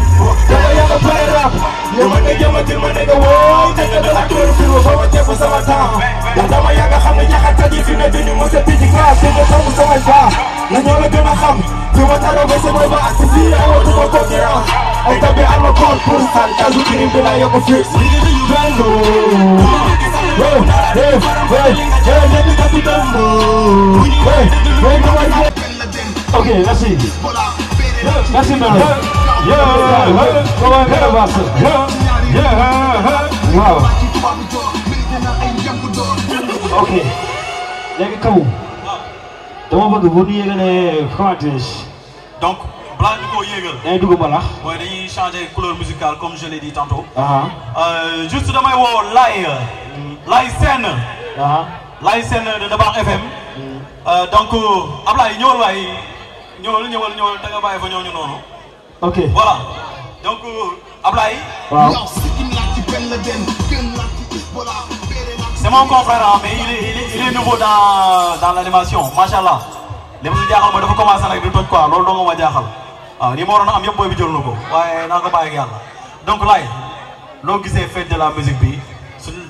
dama yàgg pare rap yow ma nga jëmatil ma nekk woo te nga dala tóor fi ma ma teeku sama temps ndax dama yàgg xam ne jaxata ji fi ne duñu mos a tijji classe te nga tamu samay baa na ñoo la gën a xam fi ma taroo ba sama ba ak fii awatu ma ko dira ay tabi am na compte pour sal tasu kirim bi laa yokk fixe hey, hey, Okay, man. Yeah, yeah, Donc, belangrijk voor Jegel. Nee, du ik Oui, die change couleur musicale, comme je l'ai dit tantôt. Uh -huh. euh, juste dans ma lay seen uh-huh. lay seen de Dabakh FM mm. euh, donc Ablaye ñëwal waay ñëwal ñëwal ñëwal da nga bàyyi fa ñooñu noonu ok voilà donc euh, Ablaye waaw c'est mon confrère mais il est, il est, il est nouveau dans dans l'animation machallah li dafa commencé nag di toj quoi loolu doo nga jaaxal waaw li ma waroon am yëpp bi jël na ko waaye naa ko bàyyi donc lay loo gisee fête de la musique bi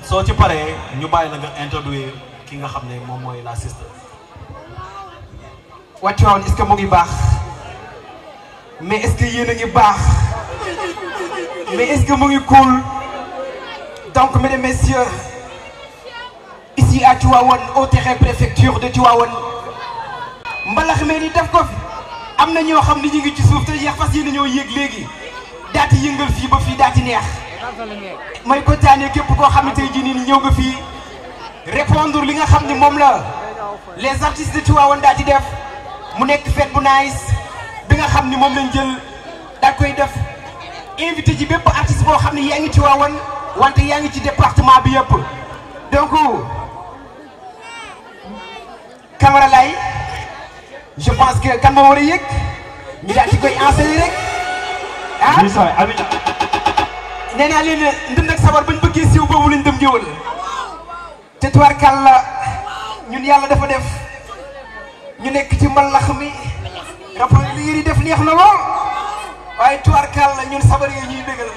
soo ci paree ñu bàyyi la nga introduire ki nga xam ne moom mooy la sister. wàccu waaw est-ce mu ngi baax mais est-ce que yéen mais mu ngi cool donc mesdames et messieurs ici à Tivaouane au terrain préfecture de Tivaouane mbalax mee ni def ko fi am na ñoo xam ni ñu ngi ci suuf te yeex fas yéene ñoo yéeg léegi daati yëngal fii ba fii daati neex may kontaanee képp koo xam ne tey jii nii ñëw nga fii répondre li nga xam ne moom la les artistes de Tivaouane daa ci def mu nekk fête bu nice bi nga xam ni moom lañ jël daa koy def invité ji bépp artiste boo xam ne yaa ngi Tivaouane wante yaa ngi ci département bi yëpp donc Camara Laye je pense que kan ma war a yëg ñu daal di koy enseigner rek ah. nee naa leen ndënd ak sabar bañ bëggee siiw boobu lañ dem géwël te tubaarkàl la ñun yàlla dafa def ñu nekk ci mbalax mi rapport li ngeen di def neex na lool waaye tubaarkàl la ñun sabar yi ñuy bégal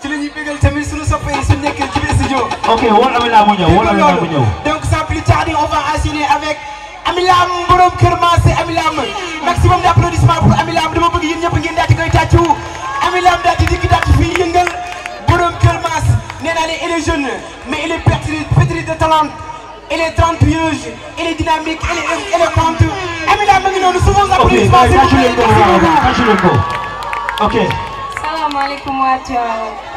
ci la ñuy bégal tamit suñu soppee yi suñu nekkee ci biir studio. ok wóor Amina mu ñëw donc sans plus tarder on va enchaîner avec. Amy Lam borom Kër Massé Amy Lam maximum d' applaudissement pour Amy Lam dama bëgg yéen ñëpp ngeen daal di koy tàccu Amy Lam daal di dikk daal di fiy yëngal borom Kër Massé nee naa leen il est jeune mais il est pétri de talent il est talentueuse il est dynamique il est éloquente Amy Lam ma ngi noonu souvent applaudissement. ok kay tàccu leen ko waaw tàccu leen ko ok. salaamaaleykum waa Tivaouane.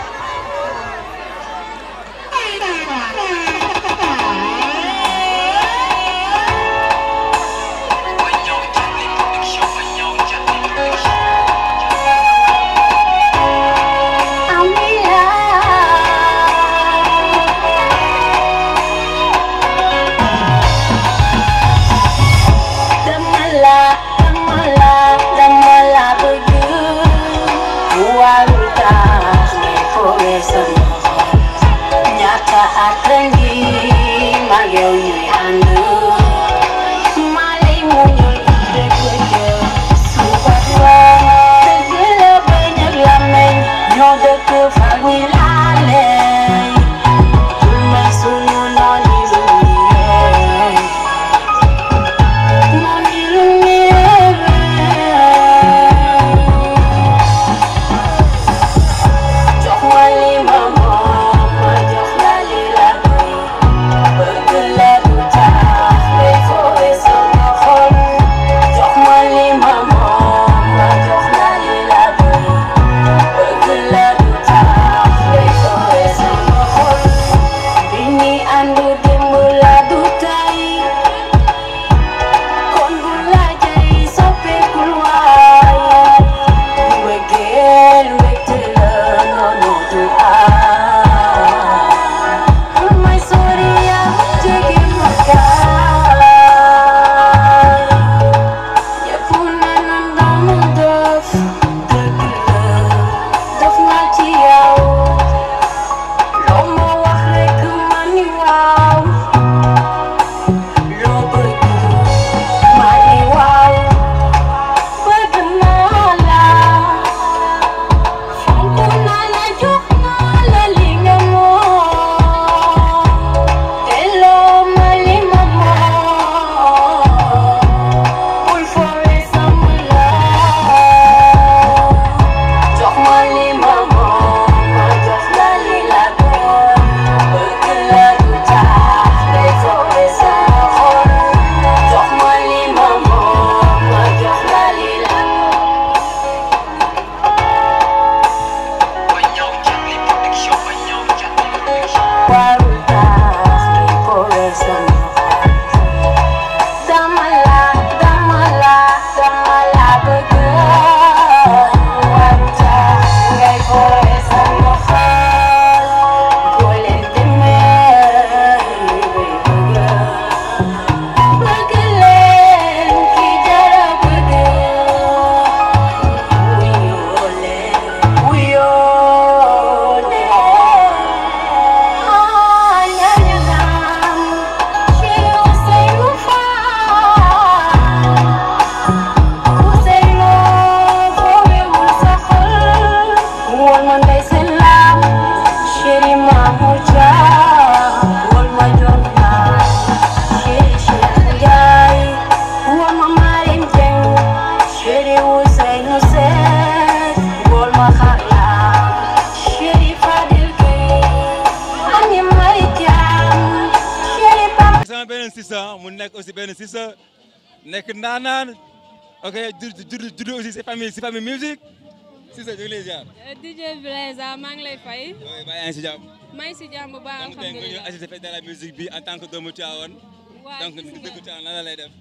la musique bi en tant que doomu Tivaouane. waaw gis nga donc dëkk Tivaouane lan la lay def.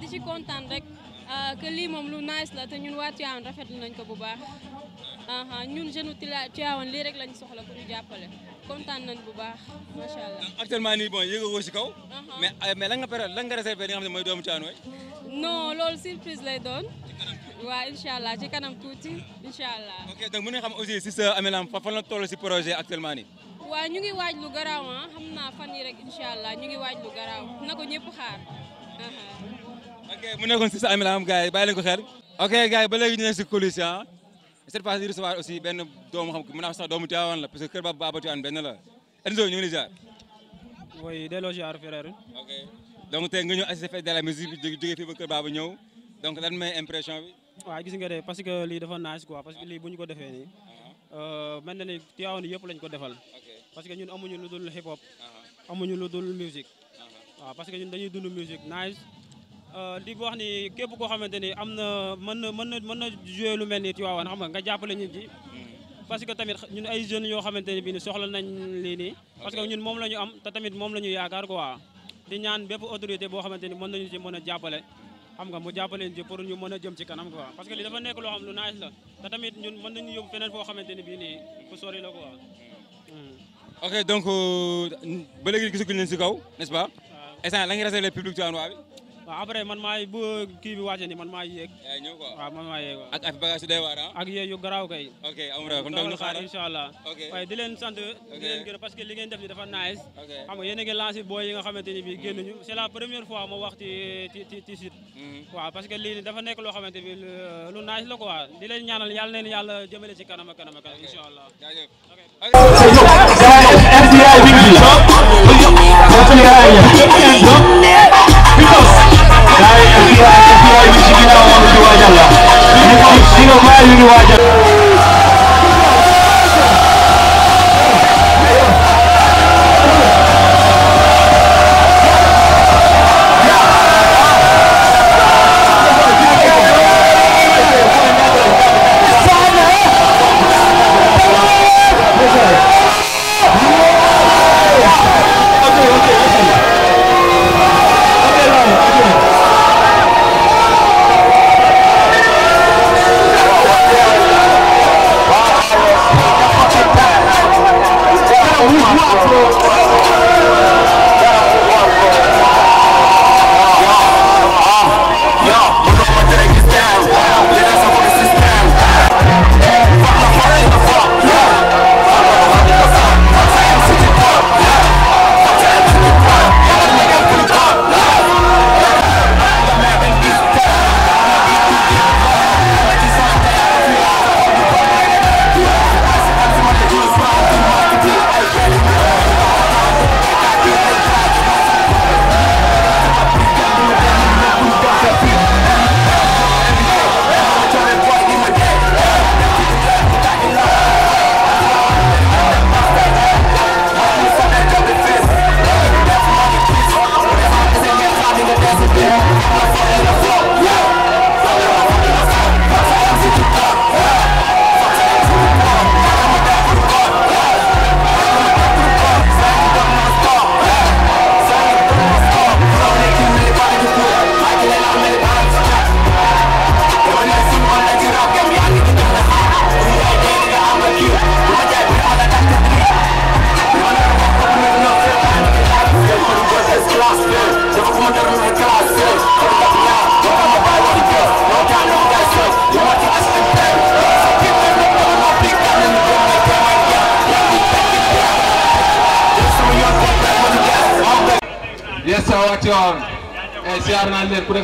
di ci kontaan rek euh, que lii moom lu nice la te ñun waa Tivaouane rafetlu nañ ko bu baax. ñun jeune Tivaouane lii rek lañ soxla ku ñu jàppale kontaan nañ bu baax macha allah. actuellement nii bon yëngu woo si kaw. mais euh, mais lan nga période lan nga réservé li nga xam ne mooy doomu Tivaouane waay. non loolu surprise lay doon. waaw incha allah ci kanam tuuti incha allah. ok donc mu nga xam aussi si sa Amélam fan la toll si projet actuellement nii. waaw ñu waaj lu garaaw ah naa fan yi rek incha allah ñu waaj lu garaaw na ko ñëpp xaar. Uh-huh. ok mu nekkoon si sa amila am gars yi leen ko xel. ok gars yi ba léegi si coulisse ah cette fois ci recevoir aussi benn doomu xam mën naa sax doomu Tivaouane la parce que kër ba Baba Tivaouane benn la Enzo ñu ngi lay ziar. nga ñëw assister fête de la musique bi ba kër Baba ñëw donc lan mooy impression bi. waaw gis nga de parce que lii dafa nice quoi parce que lii bu ñu ko defee nii. Uh-huh. Euh, mel na ni Tivaouane yëpp lañ ko defal. parce que ñun amuñu lu dul hip hop. Ah, ah. amuñu lu dul musique. Ah, waaw parce que ñun dañuy dund musique nice euh, di wax ni képp koo xamante ni am na mën na mën na mën na jouer lu mel ni Tivaouane xam nga nga jàppale ñu ci. Mm. parce que tamit ñun ay jeunes yoo xamante ne bii ni soxla nañ lii nii. que ñun moom la ñu am te tamit moom la ñu yaakaar quoi. di ñaan bépp autorité boo xamante ni mën nañu ci mën a jàppale. xam nga mu jàppale ñu ci mën a jëm ci kanam quoi parce que li dafa nekk loo xam lu nice la te tamit ñun mën nañu yóbbu feneen foo xamante bii nii fu sori ko ok donc euh, ba léegi que si n'est-ce pas. Et instant la nga le public le waaw après man maay bu kii bi wàcce ni man maay yéeg. yaa ñëw quoi waaw man maay yéeg ak ak bagage day waar ah. ak yooyu garaaw kay. ok amul rajo kon ñu xaar incha allah. ok waaye di leen sant. di leen gërëm parce que li ngeen def ni dafa nice. xam nga yéen a ngi lancé yi nga xamante ni bii génnuñu c' est la première fois ma wax ci ci ci ci site. waaw parce que lii nii dafa nekk loo xamante ni lu nice la quoi di leen ñaanal yàlla neen yàlla jëmale ci kanam ak kanam ak waaye ci waajal la ñu xam dina maa yu ñu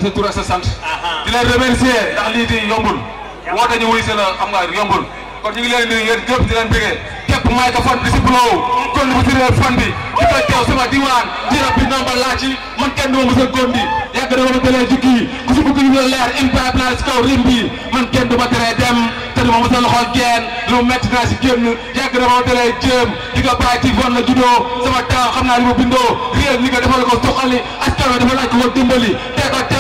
sa tur ak sa sant. di la remercier ndax lii di yombul. woo dañu wuy si la xam nga yombul. kon ñu ngi leen di nuyu yéen ñëpp di leen bëggee. képp may ka fan bi si buloo. kon di koy teew sama diwaan. di rab bi namba man kenn du ma mos a gondi. yàgg na ma ma dalee jukki yi ku si bëgg leer impact la si kaw man kenn du ma teree dem te ma mos a loxo geen lu metti naa si génn yàgg na ma ma dalee jéem di ko bàyyi ci von sama taaw xam naa li bindoo réer ni ko defal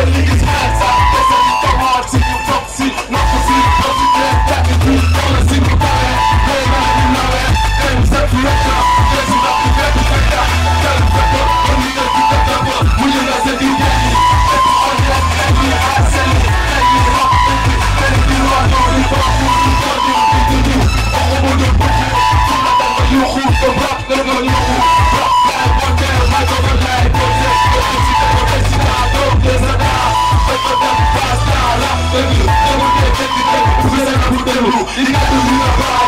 Italy. You got be a problem.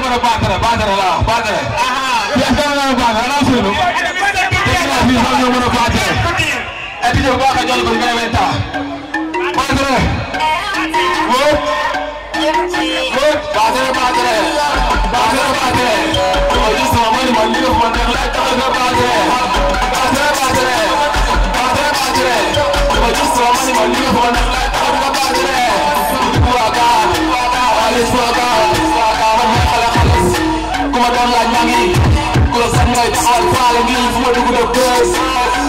Let's go. no cuz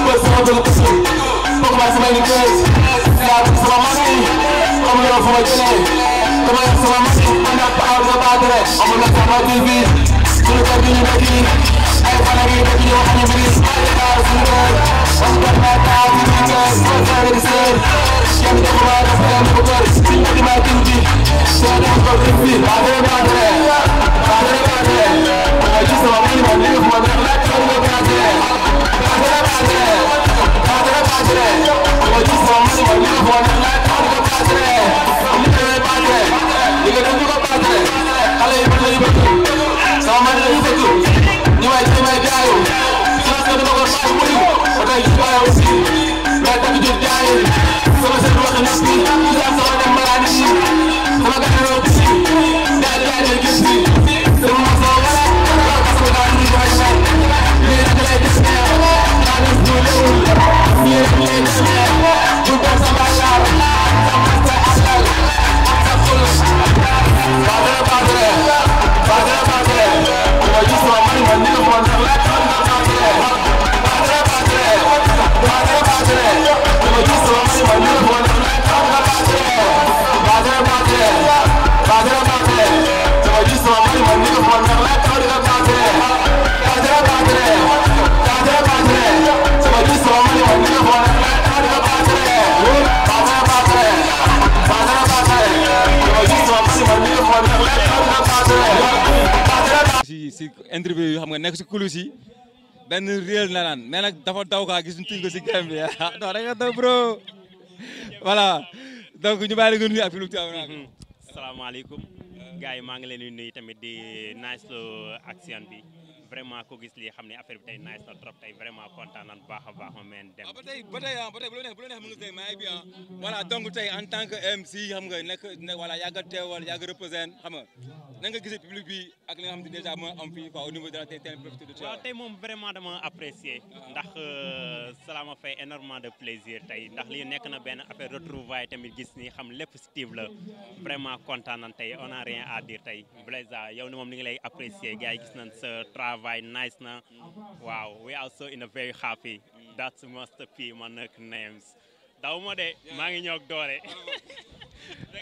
But some people pussy Talk about so many cuz Now I'm for my money I'm looking for my dinner Come on, for my money I'm not proud my that I'm on my TV Look at me, Becky Somebody you. You might, you might. Padre, padre. Come on, now let si interview yi xam nga nekk si coulisses yi benn réel na naan mais nag dafa daw kaa gis tuñ ko si game bi ah, non da nga daw bro voilà donc ñu bàyyi la nga nuyu ak fi lu taw naa asalaamaaleykum gars yi maa ngi leen di nuyu tamit di nice action bi vraiment ko gis li xam affaire bi tay nice na trop tay vraiment content nan baax a baax ma meen dem. Ah, ba tey ba tey ah, ba tey bu la bu la neexee tay may bi ah. voilà donc tay en tant que MC xam nga nek voilà yàgg a teewal yàgg a représente xam nga na nga gisee public bi ak li nga xam déjà mo am fi quoi au niveau de la tey waaw tay mom vraiment dama apprécier ah. ndax ça euh, m'a fait énormément de plaisir tay ndax li nek na ben affaire retrouvaille tamit gis ni xam lépp Steve la vraiment content nan tay on a rien à dire tay Blaise yow ni mom ni ngi lay apprécier gars yi gis nañ ce travail travail nice na waaw we also in a very happy that's Master P ma nekk names daw ma de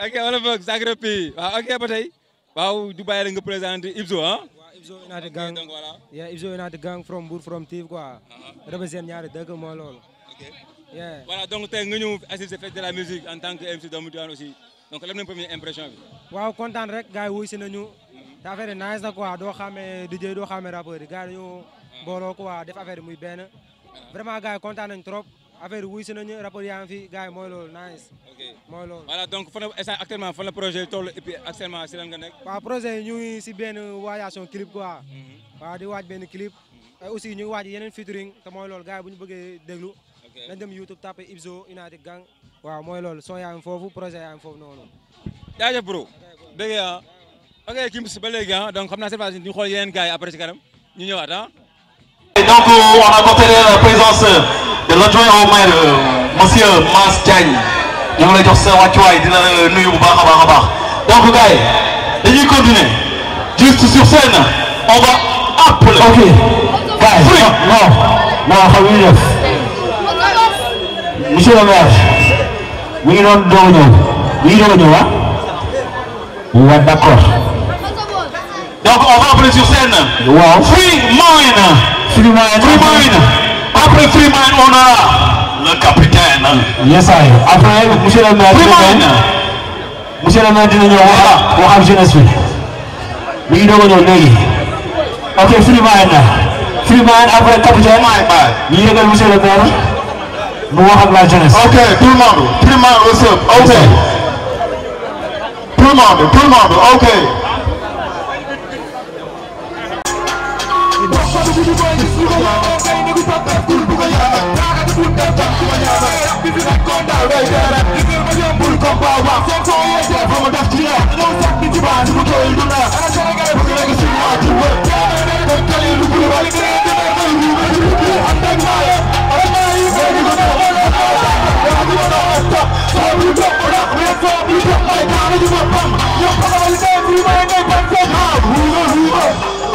ok all of us, P waaw ok ba tey Wow, Dubai bàyyi the nga présenté Ibzo ah Ibzo the Gang yeah Ibzo the Gang from Bur, from Tiv quoi uh-huh. represent ñaari dëkk moo loolu voilà donc tey nga ñëw assister fête de la musique en tant que MC doomu Tivaouane aussi donc lan mooy première impression wow, waaw kontaan rek gars yi wuy si nañu te affaire nice na quoi doo xamee DJ doo xamee rappeur yi gars yi dañoo mbooloo def affaire muy benn vraiment gars yi kontaan nañ trop affaire yi wuy si nañu rappeur yaa ngi fi gars yi mooy nice. ok mooy donc fan actuellement fan projet yi toll et puis actuellement si lan nga nekk. waaw projet yi ñu ngi si benn waajation clip quoi. Mhm. waaw di waaj benn clip. aussi ñu ngi waaj yeneen featuring te mooy loolu gars bu ñu bëggee déglu. nañ dem YouTube tapé Ibzo United Gang. waaw mooy loolu son yaa ngi projet yaa ngi foofu ok Kim, c'est hein. donc comme nous ñu gars hein. donc euh, a la présence de l'adjoint au maire euh, monsieur Mass Diagne ñu lay jox dina euh, nuyu bu donc gars continuer juste sur scène on va appeler. ok gars non non monsieur le maire ñëw ah. d'accord. Donc on va appeler sur scène. Wow. Free Mine. Free Mine. Free Mine. Après Free Mine, on a le capitaine. Yes, I. Après, monsieur le maire. Free Mine. Monsieur le maire, dina ñëw wax wax am jeunesse bi. Mi ngi doog a ñëw léegi. Ok, Free Mine. Free Mine après capitaine. Ñu yëgal monsieur le maire. mu wax ak la jeunesse. Ok, tout le monde. Free Mine, what's up? Ok. Tout le monde, tout le monde, ok. Dokkaru gudu boy gis ñu ko woo kay ne gu papee kul bu ko yaama Daara du dul dem baax ku ma ñaama Rab bi fi nag kon daaw day teere Li gën ma yombul ko mbaa wax Seen soo yeesee fa ma def ci yaa Ñëw sax di ci baa mu tooy du naa Ana Sénégal bëgg na gis ñu waat ci wër Jaama ne kon kali lu gulu wali gën a demee kay ñu ma ci wër Am dag maa ya Am maa yi ma di ko doo Yaa di ko doo Soo bu doo Yaa di ko doo Yaa di ko doo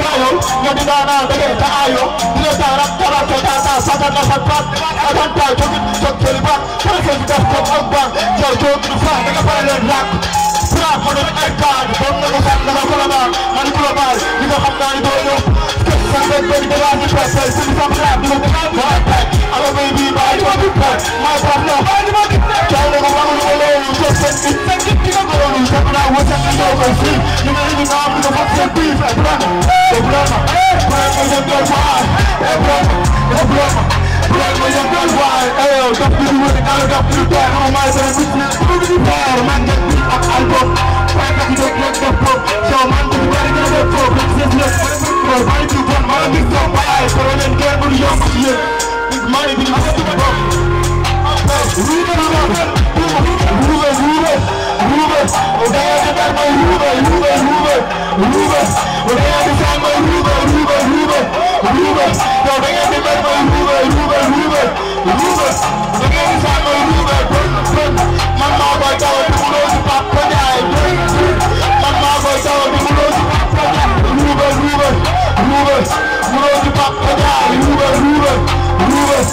kayo ngadinana dagen ta ayo dile tarab tabar ko tata sadan na fatbat adan ta jogin jokkeli ba kala ke daf ko abba jor jogin fa daga paralen lak fra ko do arkan bon na ko fa na ko la ba man ko la ba ni ko xam naa ni do yo ke sa be be de ba ni fa sa sin fa fra ni ko ka ba ala baby ba ni ko ka ma fa no ba ni ma ki ta ko ba ko le Money be my bro. Read it, read it, Ruben, Ruben, Ruben. We gaan de dag met Ruben, Ruben, Ruben, Ruben. We gaan de dag met Ruben, Ruben, Ruben, Ruben. We gaan de dag met Ruben, Ruben, Ruben, Ruben. We gaan de dag met Ruben, Ruben, Ruben. Mama, boy, tell me, who knows the pop for that? Mama, boy, tell me, who knows the pop for that? Ruben, Ruben, Ruben. Who knows the pop for that? Ruben, Ruben, Ruben. Who knows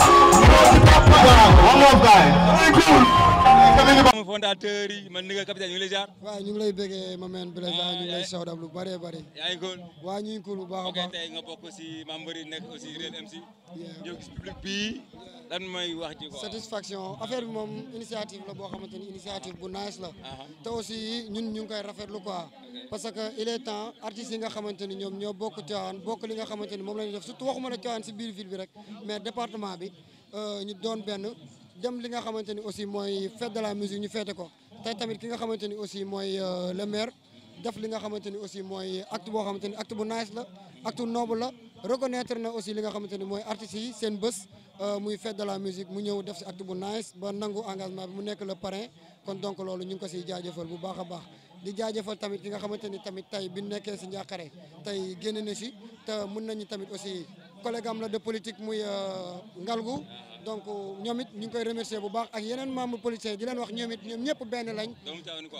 One more time. Very cool. sama fondateur yi man ni nga capitaine ñu ngi lay ziar waaw ñu ngi lay bëggee ma meen Brésil ñu ngi lay sawdam lu bëree Real MC public bi satisfaction affaire bi moom initiative la boo xamante ni initiative bu nice la te aussi ñun ñu ngi koy rafetlu quoi parce que il est temps artistes yi nga xamante ni ñoom ñoo bokk Tivaouane bokk li nga xamante ni moom la def surtout waxuma la Tivaouane si biir ville bi rek mais département bi euh, ñu doon benn dem li nga xamanteni aussi moy fête de la musique ñu fété ko tay tamit ki nga xamanteni aussi moy euh, le maire def li nga xamanteni aussi moy acte bo xamanteni acte bu nice la acte noble la reconnaître na aussi li nga xamanteni moy artiste artistes yi seen euh muy fête de la musique mu ñëw def ci acte bu nice ba nangu engagement bi mu nekk le parrain kon donc lolu ñu ko ci jaajeufal bu baaxa baax di jaajeufal tamit ki nga xamanteni tamit tay bi nekké ci njàqare tay génn na ci te mën nañu tamit aussi collègue am la de politique muy euh, ngalgu donc ñoom it ñu ngi koy remercier bu baax ak yeneen membre policiers di leen wax ñoom it ñoom ñëpp benn lañ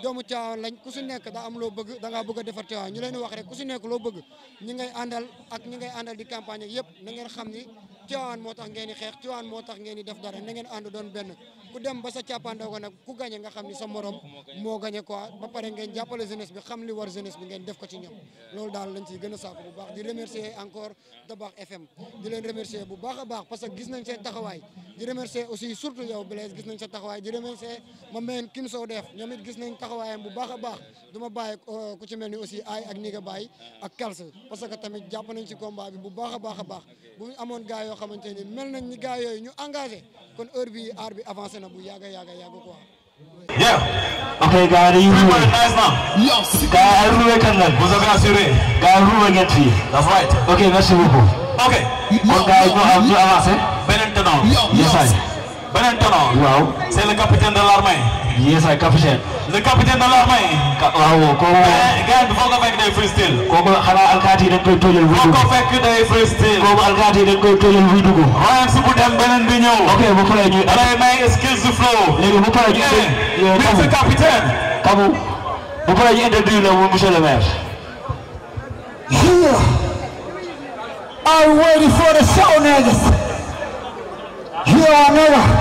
doomu Tivaouane lañ ku nekk daa am loo bëgg da ngaa bëgg a defar Tivaouane ñu leen wax rek ku si nekk loo bëgg ñi ngay àndal ak ñi ngay àndal di campagne ak yëpp na ngeen xam ni Tivaouane moo tax ngeen di xeex Tivaouane moo tax ngeen di def dara na ngeen ànd doon benn ku dem ba sa càppaandaw ko nag ku gañe nga xam ni sa morom moo gañe quoi ba pare ngeen jàppale jeunesse bi xam li war jeunesse bi ngeen def ko ci ñoom loolu daal lañ ciy gën a saako bu baax di remercier encore Dabakh FM di leen remercier bu baax a baax parce que gis nañ seen taxawaay di remercier aussi surtout yow Blaise gis nañ sa taxawaay di remercier ma meen Kim Sow def ñoom gis nañ taxawaayam bu baax a baax duma baye ku ci melni aussi ay ak ni nga bàyyi ak kals parce que tamit japp nañ ci combat bi bu baax a baax bu amone gaay yo xamanteni mel nañ ni gaay yooyu ñu engagé kon heure bi aar bi avancé na bu yaga yaga yaga quoi. Yeah. Okay, guys, you win. Nice now. Yes. Guys, everywhere can learn. Vous avez assuré. Guys, everywhere get That's right. Okay, merci beaucoup. Okay. Bon, guys, nous avons avancé. Benentenon. Yes, I. Benentenon. Wow. C'est le capitaine de l'armée. Yes, I captain. The captain na oh, oh, laa may. waaw kooku. mais gars come. foo ko fekk day freestyle. kooku xanaa alkaati yi dañ koy tóoleel wuy dugg. foo ko fekk day freestyle. kooku alkaati yi dañ koy tóoleel wuy dugg. waaye su bu dem beneen bi ñëw. ok bu paree ñu. day may skills flow. léegi bu paree come on. capitaine. kamu bu paree ñu introduire la monsieur le maire. here I'm waiting for the show niggas. here or never.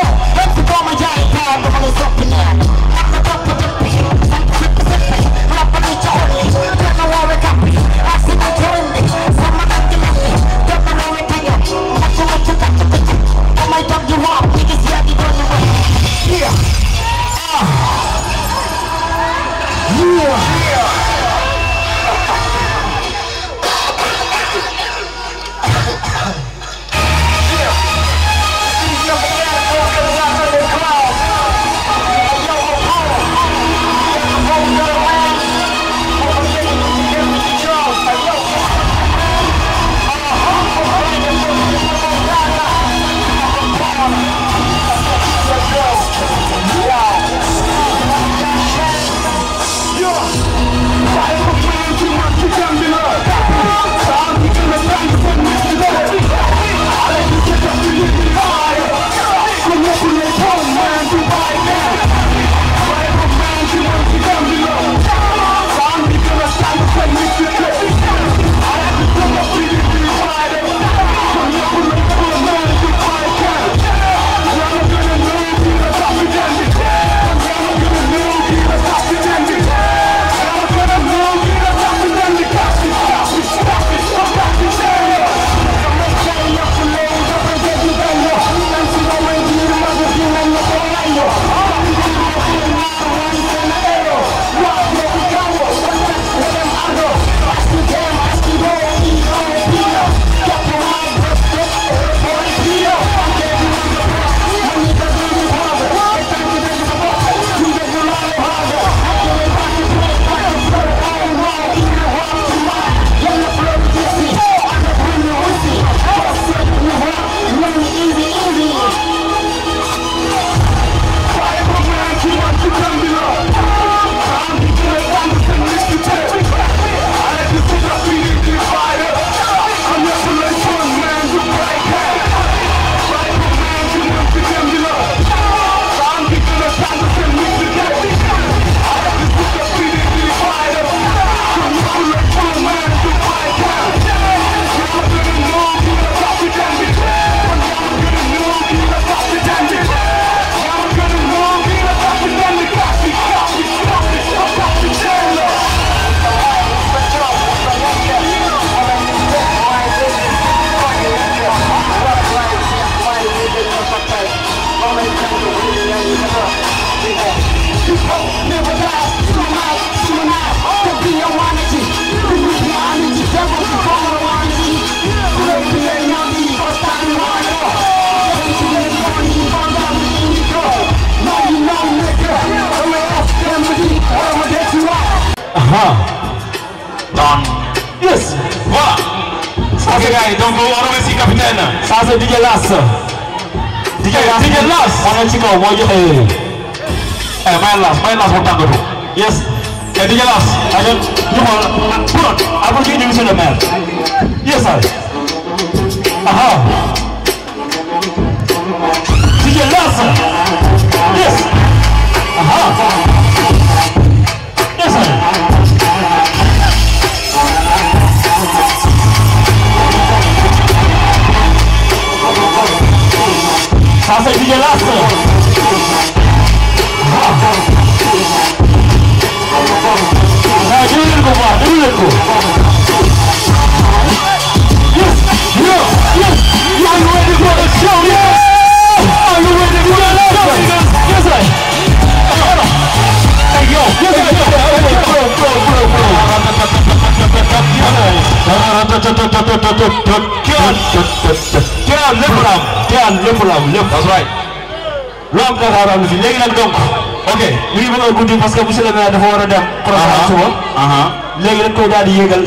que monsieur le maire dafa war a dem. programme suba. léegi dañ koy daal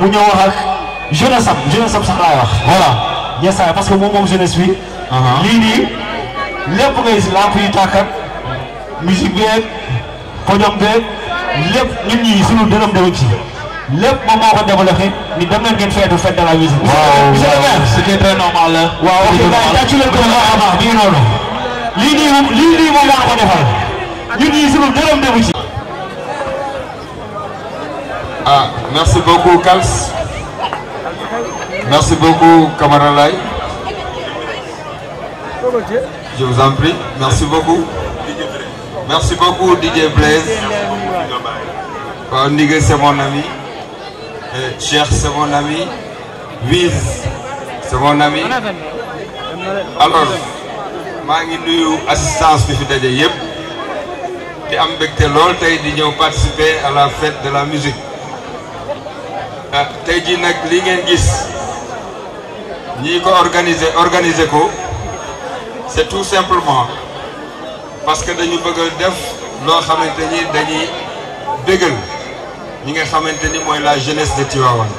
mu ñëw wax ak jeunesse am wax. voilà ñeesaay parce que moom moom jeunesse bi. lii nii lépp ngay si lamp yi tàkk ak musique beeg kojom beeg lépp nit ñi sunu dërëm dërëm ci. lépp moom moo ko développé ni dem leen ngeen feetu fête de la musique. waaw monsieur le maire c'était très normal la. waaw ok gars yi tàccu leen ko. waaw waaw waaw mi ngi noonu. lii nii moom lii nii moom moo ko defal. ah merci beaucoup Kals merci beaucoup Kamara Lai je vous en prie merci beaucoup merci beaucoup DJ Blaise waaw ah, c'est mon ami euh, Cher c'est mon ami Viz c'est mon ami alors Je assistance bi fi daje di am mbégte lool tey di ñëw participer à la fête de la musique ah tey jii nag li ngeen gis ñii ko organiser organiser ko c'est tout simplement parce que dañu bëgg a def loo xamante ni dañuy bégal ñi nga xamante ni la jeunesse de Tivaouane.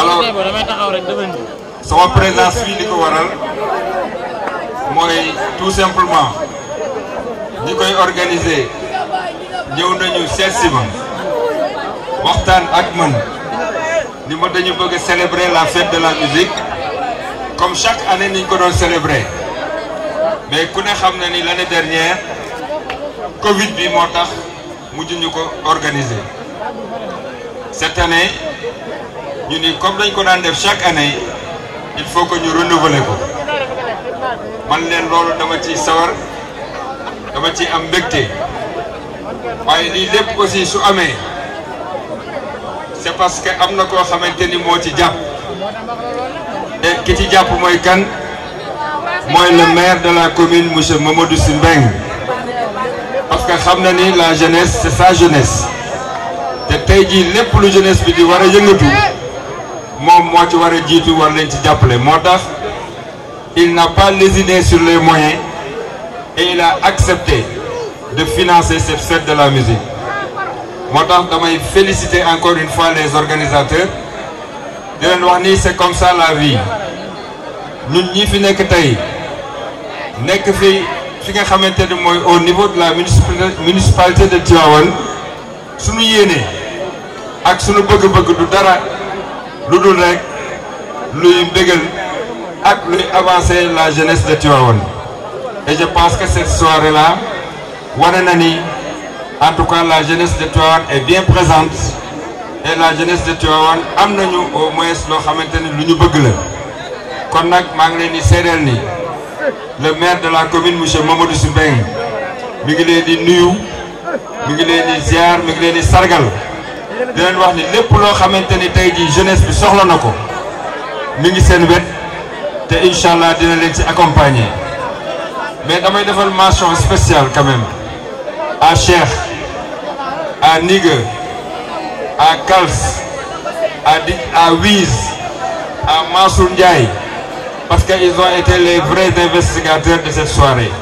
alors sama présence fii li ko waral mooy tout simplement. Nous koy organisé ñëw nañu avons célébrer la fête de la musique comme chaque année nous ko célébrer mais ku ne xam l'année dernière Covid bi moo cette année ñu ni comme chaque année il faut que nous renouveler ko man dama ci am mbégte waaye lii lépp aussi su amé c'est parce que amna ko koo mo ci japp et ki ci japp moy kan moy le maire de la commune monsieur Mamadou Sy parce que xam ni la jeunesse c'est sa jeunesse té tey jii lepp lu jeunesse bi di wara a yëngatu moom moo ci wara jitu war lañ ci jappalé motax il n'a pas lésiné sur les moyens et il a accepté de financer cette fête de la musique moo je damay féliciter encore une fois les organisateurs di wax ni c'est comme ça la vie Nous n'y finissons pas. tey nekk fi fi nga au niveau de la municipalité de Tiawan. suñu nous ak suñu bëgg-bëgg du dara lu dul rek luy mbégal ak avancer la jeunesse de Tiawan. Et je pense que cette soirée-là, Wanenani, en tout cas la jeunesse de Tuawan est bien présente. Et la jeunesse de Tuawan am au moins le xamante de l'Union Konak bëgg la. le maire de la commune monsieur Mamadou Soumbeng mi ngi leen di nuyu mi ngi ziar mi ngi sargal di leen wax ni lépp loo xamante ni tey jeunesse bi soxla na mi ngi seen wet te Inshallah, dina accompagner mais dans une spéciale quand même à Cheikh à Nigue à Kals à à parce qu'ils ont été les vrais investigateurs de cette soirée.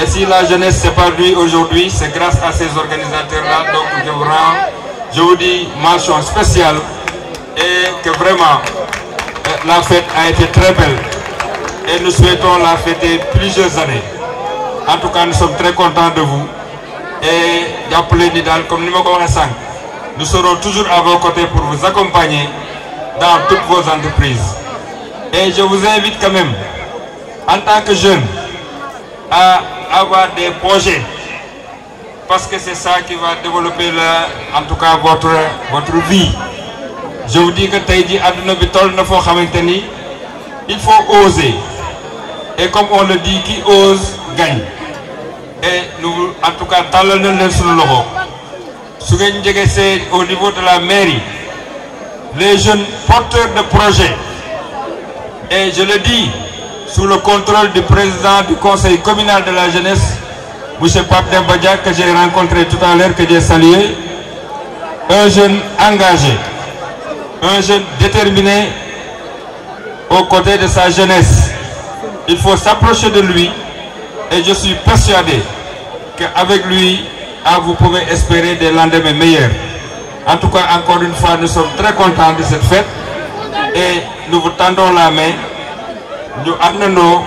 Et si la jeunesse s'est perdue aujourd'hui, c'est grâce à ces organisateurs-là. Donc je vous rends, je vous dis mention spéciale et que vraiment la fête a été très belle et nous souhaitons la fêter plusieurs années. En tout cas, nous sommes très contents de vous. Et d'appeler Nidal, comme nous nous serons toujours à vos côtés pour vous accompagner dans toutes vos entreprises. Et je vous invite quand même, en tant que jeune, à avoir des projets. Parce que c'est ça qui va développer, en tout cas, votre, votre vie. Je vous dis que Taïdi ne faut il faut oser. Et comme on le dit, qui ose gagne. Et nous, en tout cas, dans le sur le c'est au niveau de la mairie, les jeunes porteurs de projets, et je le dis, sous le contrôle du président du conseil communal de la jeunesse, M. Pape Dembadia, que j'ai rencontré tout à l'heure, que j'ai salué, un jeune engagé, un jeune déterminé aux côtés de sa jeunesse, il faut s'approcher de lui et je suis persuadé qu'avec lui, ah, vous pouvez espérer des lendemains meilleurs. En tout cas, encore une fois, nous sommes très contents de cette fête et nous vous tendons la main. Nous amenons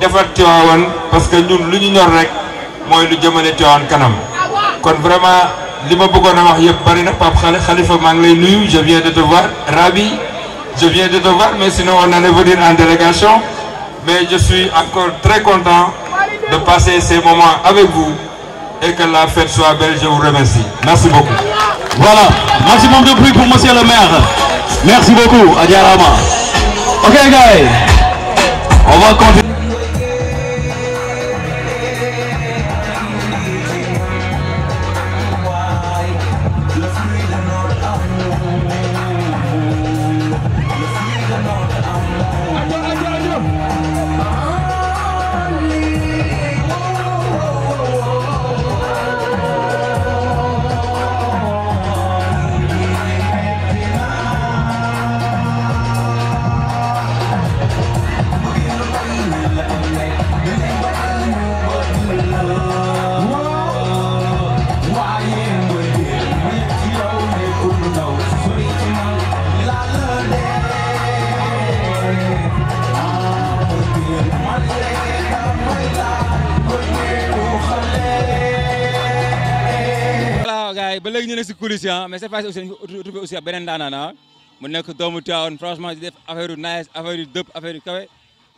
des parce que nous, l'union rec, moi, le de Tiawan Kanam. Quand vraiment, Khalifa je viens de te voir Rabi je viens de te voir mais sinon on allait venir en délégation mais je suis encore très content de passer ces moments avec vous et que la fête soit belle. Je vous remercie. Merci beaucoup. Voilà, maximum de bruit pour monsieur le maire. Merci beaucoup, Adiarama. Ok, guys, on va continuer. yi ba léegi ñu ne si coulisse ah mais cette fois aussi dañu ko ah. mu nekk doomu Tivaouane franchement di def affaire yu nice affaire yu dëpp affaire yu kawe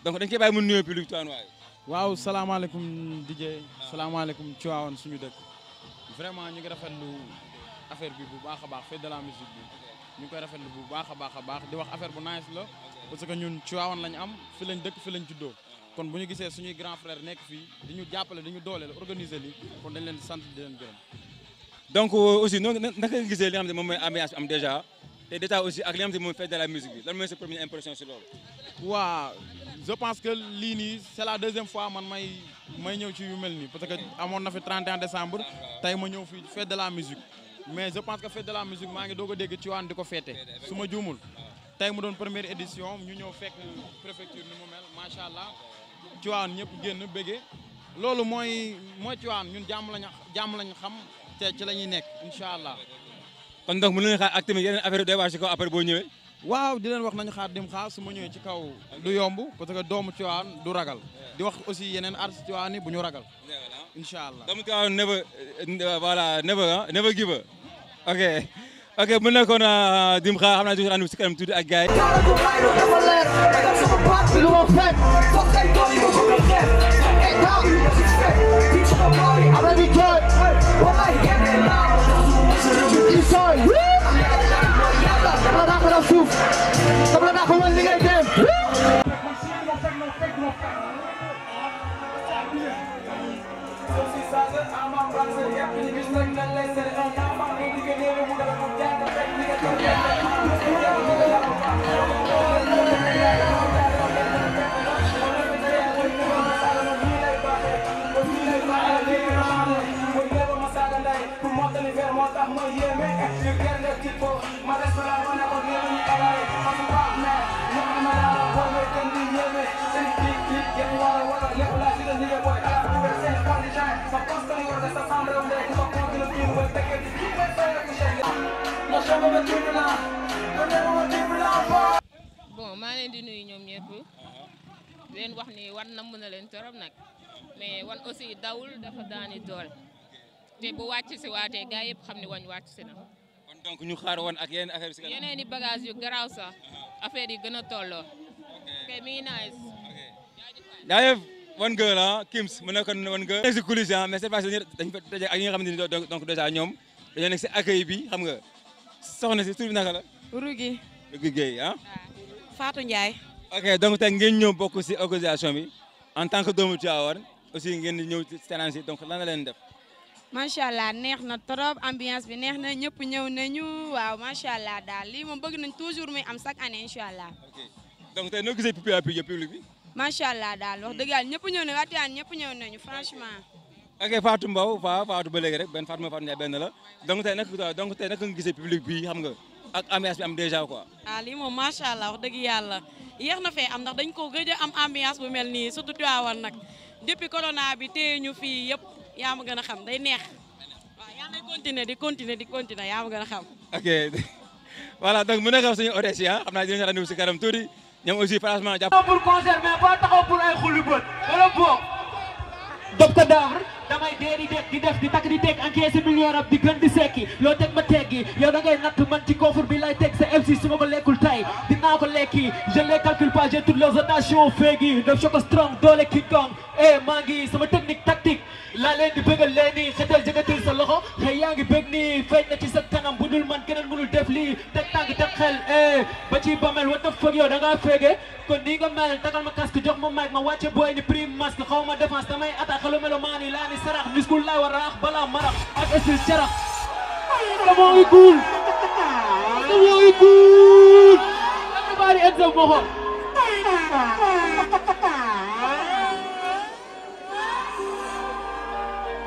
donc dañ koy bàyyi mu nuyoo public Tivaouane waaye. waaw salaamaaleykum DJ. waaw salaamaaleykum Tivaouane suñu dëkk. vraiment ñu ngi lu affaire bi bu baax a baax fête de la musique bi ñu ngi koy rafetlu bu baax a baax a baax di wax affaire bu nice la parce que ñun Tivaouane lañ am fi lañ dëkk fi lañ juddoo. kon bu ñu gisee suñuy grand nekk fii di ñu jàppale di dooleel organiser li kon dañ leen di sant leen gërëm. donc euh, aussi nous, naka li nga am déjà Et déjà aussi ak li nga xam fait de la musique bi lan sa première impression si loolu. waaw je pense que lii c'est la deuxième fois man may may ñëw ci yu mel parce que mon na fi ans décembre tey ma ñëw fii fait de la musique mais je pense que fait de la musique maa ngi doog a dégg ci waan di ko féete su ma juumul tey mu doon première édition ñu ñëw fekk préfecture ni mu mel macha allah ci waan ñëpp génn bëggee loolu mooy mooy ci waan ñun jàmm lañ jàmm lañ xam. te ci la ñuy nekk incha allah. kon donc mën nañu xaar ak tamit yeneen affaire yu day waar si kaw après boo ñëwee. waaw di leen wax nañu xaar dim xaar su ma ñëwee ci kaw du yomb parce que doomu Tiwaan du ragal di wax aussi yeneen artiste Tiwaan yi bu ñu ragal incha allah doomu Tiwaan never voilà never never give mu ok ok na euh, dim xaar xam naa di rendez-vous si kanam tuuti ak gars Inside. Woo! Wala ko ng soup. Wala na ako bon maa leen di nuyu ñoom ñëpp leen wax ni war na mën a leen torop nag mais wan aussi dawul dafa daani dool te bu wàcc si waatee gars yëpp xam ni wañ wàcc si na kon donc ñu xaar woon ak yeneen affaire si kanam yeneen i bagage yu uh-huh. yi gën a tolloo ok mi ngi nice jaajëf wan nga ah, la Kims mu nekkoon wan nga nekk si coulisse ah, mais cette fois dañ fa daje ak ñi nga xam ne donc donc ñoom dañoo nekk si accueil bi xam nga soxna si tur bi naka la. Rugi. Rugi Guèye ah. Fatou Ndiaye. ok donc ngeen ñëw bokk si organisation bi en tant que doomu Tivaouane aussi ngeen di ñëw si terrain si donc la leen def. macha allah neex na trop ambiance bi neex na ñëpp ñëw nañu waaw macha allah daal lii moom bëgg nañ toujours muy am chaque année incha allah. ok donc tey noo gisee allah daal wax dëgg yàlla ñëpp ñëw nañu franchement. ok Fatou Mbow waaw Fatou ba léegi rek benn Fatou Mbow Fatou Ndiaye benn la donc tey nag donc tey nag nga gisee public bi xam nga ak ambiance bi am déjà quoi. ah lii moom macha allah wax dëgg yàlla yéex na fee am ndax dañ ko gëj a am ambiance bu mel nii surtout Tivaouane nag depuis corona bi téye ñu fii yëpp yaa ma gën a xam day neex waaw yaa ngi continuer di continuer di continuer yaa ma gën a xam. ok voilà donc mu nekk suñu audience yi ah xam naa dinañu rendez-vous si kanam tuuti ñoom aussi franchement jàpp. pour concert mais boo taxaw pour ay xulu bët wala boog. dëkk Dabre. damay dee di def di def di million rab di gën loo teg ma teggi yow da ngay natt man ci coffre bi lay teg sa MC su ma ko tay dinaa ko lekki je les calcule pas j'ai toutes leurs attentions feegi def strong doole ki kong eh maa ngi sama technique tactique laa leen di bëggal ni xetal jëgatil sa loxo xëy yaa ngi bëgg nii ci sa kanam bu man keneen mënul def lii teg tànk teg eh, ba ci bamel what the fuck yow da kon nii nga mel tagal ma casque ma sarax miskul lay war raax bala marax ak esprit sarax moo ngi guul moo ngi guul ak est exemple moo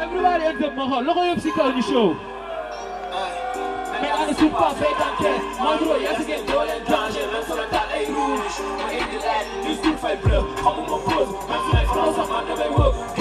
everybody ends up mahal. Look at MC Khan, you show. Mais on ne soupe pas, fait un test. Moi, je vois, y'a ce qu'il y a de danger. Même sur le tas, les rouges. Et de l'aide, du souffle bleu. on mon pose. Même sur les francs, ça m'a de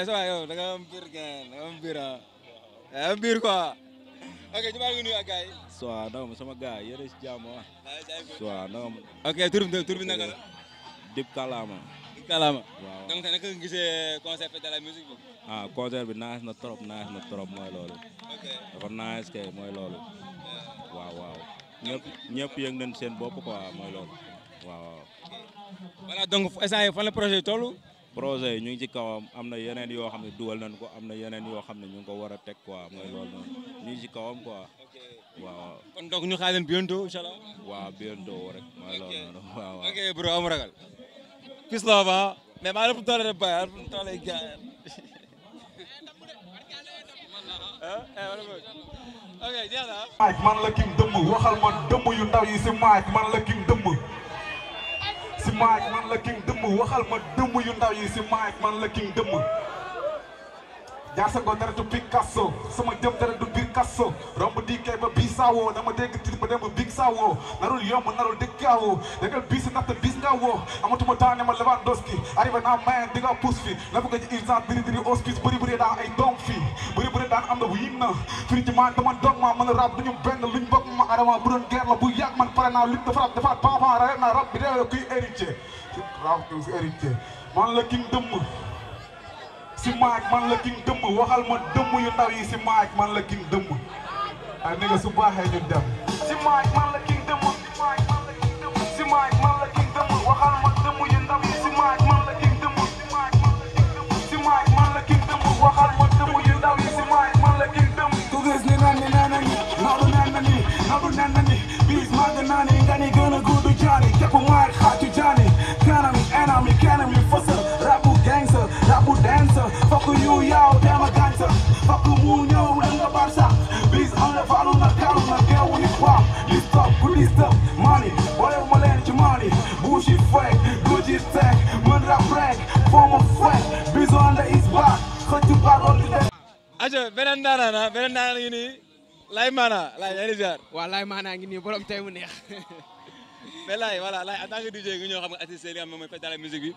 Nasa yo daga ambir kan, ambira. Ambir ah. kwa. Okay, jumpa lagi nih agai. Suara mau sama guys ya res jam ah. Suara. turun turun deh deep kalama. Dip kalama. Wow. Nang sana kan gise konsep dalam musik Ah, konser bi nice na trop, nice na trop moy lolu. Okay. nice ya. Wow, wow. nyep nyep yang nañ seen bop quoi moy Wow. Voilà donc essayer fan le projet yi ñu ngi ci kawam am na yeneen yoo xam ne dugal nañ ko am na yeneen yoo xam ne ñu ngi ko war a teg quoi mooy loolu noonu ñu ngi ci kawam quoi waaw. kon donc ñu xaar leen bientôt incha allah. waaw bientôt rek mooy loolu noonu waaw waaw. ok bro am ragal. gis naa ba mais maa ngi doon baal maa ngi doon gars yi. Ah, eh, ok jeex na. man la kim dëmm waxal ma dëmm yu ndaw yi si maaj man la kim dëmm. maaj man la king dëmm waxal ma dëmm yu ndaw yi si maaj man la king dëmm jaar sa ngoo dara du biig kasso sama jëm dara du biir kasso romb diikee ba bii saawoo dama dégg tit ba dem ba biig saawoo narul yomb narul dëkkaawoo dégal bii si naxta bis nga woo amatuma taane ma Lewandowski naa mayen di puus fi na bëgg ji urgence diri diri hospice bëri bëri daan ay doom fi bëri bëri daan am na wiin na firi ji maa dama dog ma mën a rab duñu benn luñ bokk ma adama bu doon guerre la bu yàgg man pare naa lutte dafa rab dafa papa la king dëmm si maaj man la king dëmb waxal ma dëmb yu ndaw yi si maaj man la king dëmb ak ni nga su baaxee ñu dem si maaj man la king dëmb si maaj man la king dëmb si maaj man la king dëmb waxal ma dëmb yu ndaw yi si maaj man la king dëmb si maaj man la king dëmb si maaj man la king dëmb waxal ma dëmb yu ndaw yi si maaj man la king dëmb ku gis ni naan ni naan ni naabu naan na ni naabu naan na ni bis màgg naa ni nga ni gën a gudd jaari képp Fuck with you, yo, damn a gangster Fuck with Muno, danga Barca Bis hana falu na kalu na geu hip hop List up, good list up, money Wale malen ci money Bushi fake, Gucci tech Man rap form of fake Bis on the is back, cut you back all the Aja, benen na, benen dana ngi mana, lay ñani jaar Wa lay mana gini? ni temu nih. mu neex Mais lay, voilà, lay en tant que DJ nga ñoo xam nga assisté li nga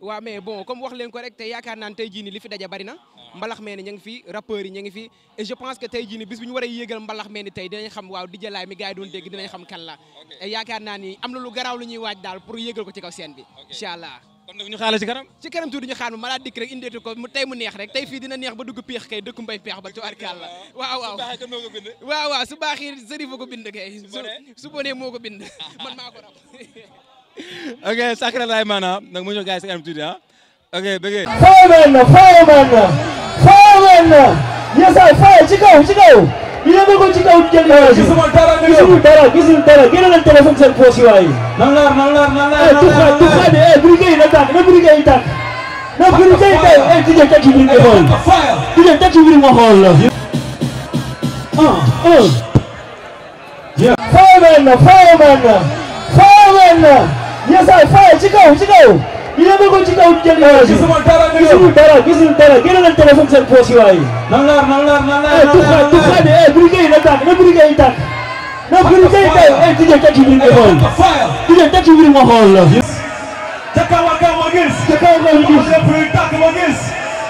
waaw mais bon comme wax leen ko rek te yaakaar naan tey jii ni li daja bari mbalax mee ni ñu ngi fi rappeurs yi ñu ngi fi et je pense que tey jii ni bis bu ñu war a yéegal mbalax mee ni tey dinañ xam waaw DJ mi gars doon dégg dinañ xam kan la yaakaar naa am na lu garaaw lu ñuy waaj daal pour yéegal ko ci kaw scène bi incha allah kon nag ñu xaala ci kanam ci kanam tuuti ñu xaar ma malaa dikk rek indeetu ko mu tey mu neex rek tey fii dina neex ba dugg peex kay dëkku mbay peex ba tubaarkàlla waaw waaw su baaxee sëriñ ko ko bind man maa ko rab ok sacré lay maanaam nag mu ñëw gars yi si kanam tuuti man na man na fay man na yesaay fay ci kaw ci kaw ñu yëngal ko ci kaw jël gisul dara gisul dara gisul dara génne leen téléphone seen poche yi waaye nan laar nan laar nan laar tuxaat tuxaat eh, eh brigé yi na tàkk na brigé yi Yes, sir. Fire. Check out. Check out. Ileboko check out. Get out. Kisimu Dara. Kisimu Dara. Kisimu Dara. Get on the telephone set for you. Nalar, nalar, nalar. Eh, tukha, tukha. Eh, brigade attack. No brigade attack. No brigade attack. Eh, DJ, take you bring the hall. DJ, take you bring the hall. Check out what come against. Check out what against. against.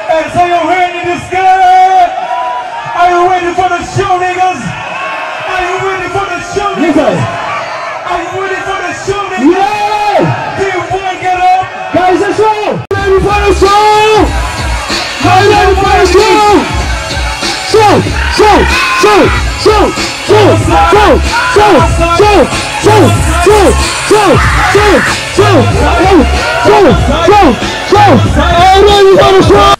And so you're ready to scare. Are you ready for the show, niggas? Are you ready for the show, niggas? Are you ready? Mas é som! Leve para o som! Vai leve para o som! Som, som, som, som, som, som, som, som, som, som, som, som, som, som, som, som, som, É leve para o som!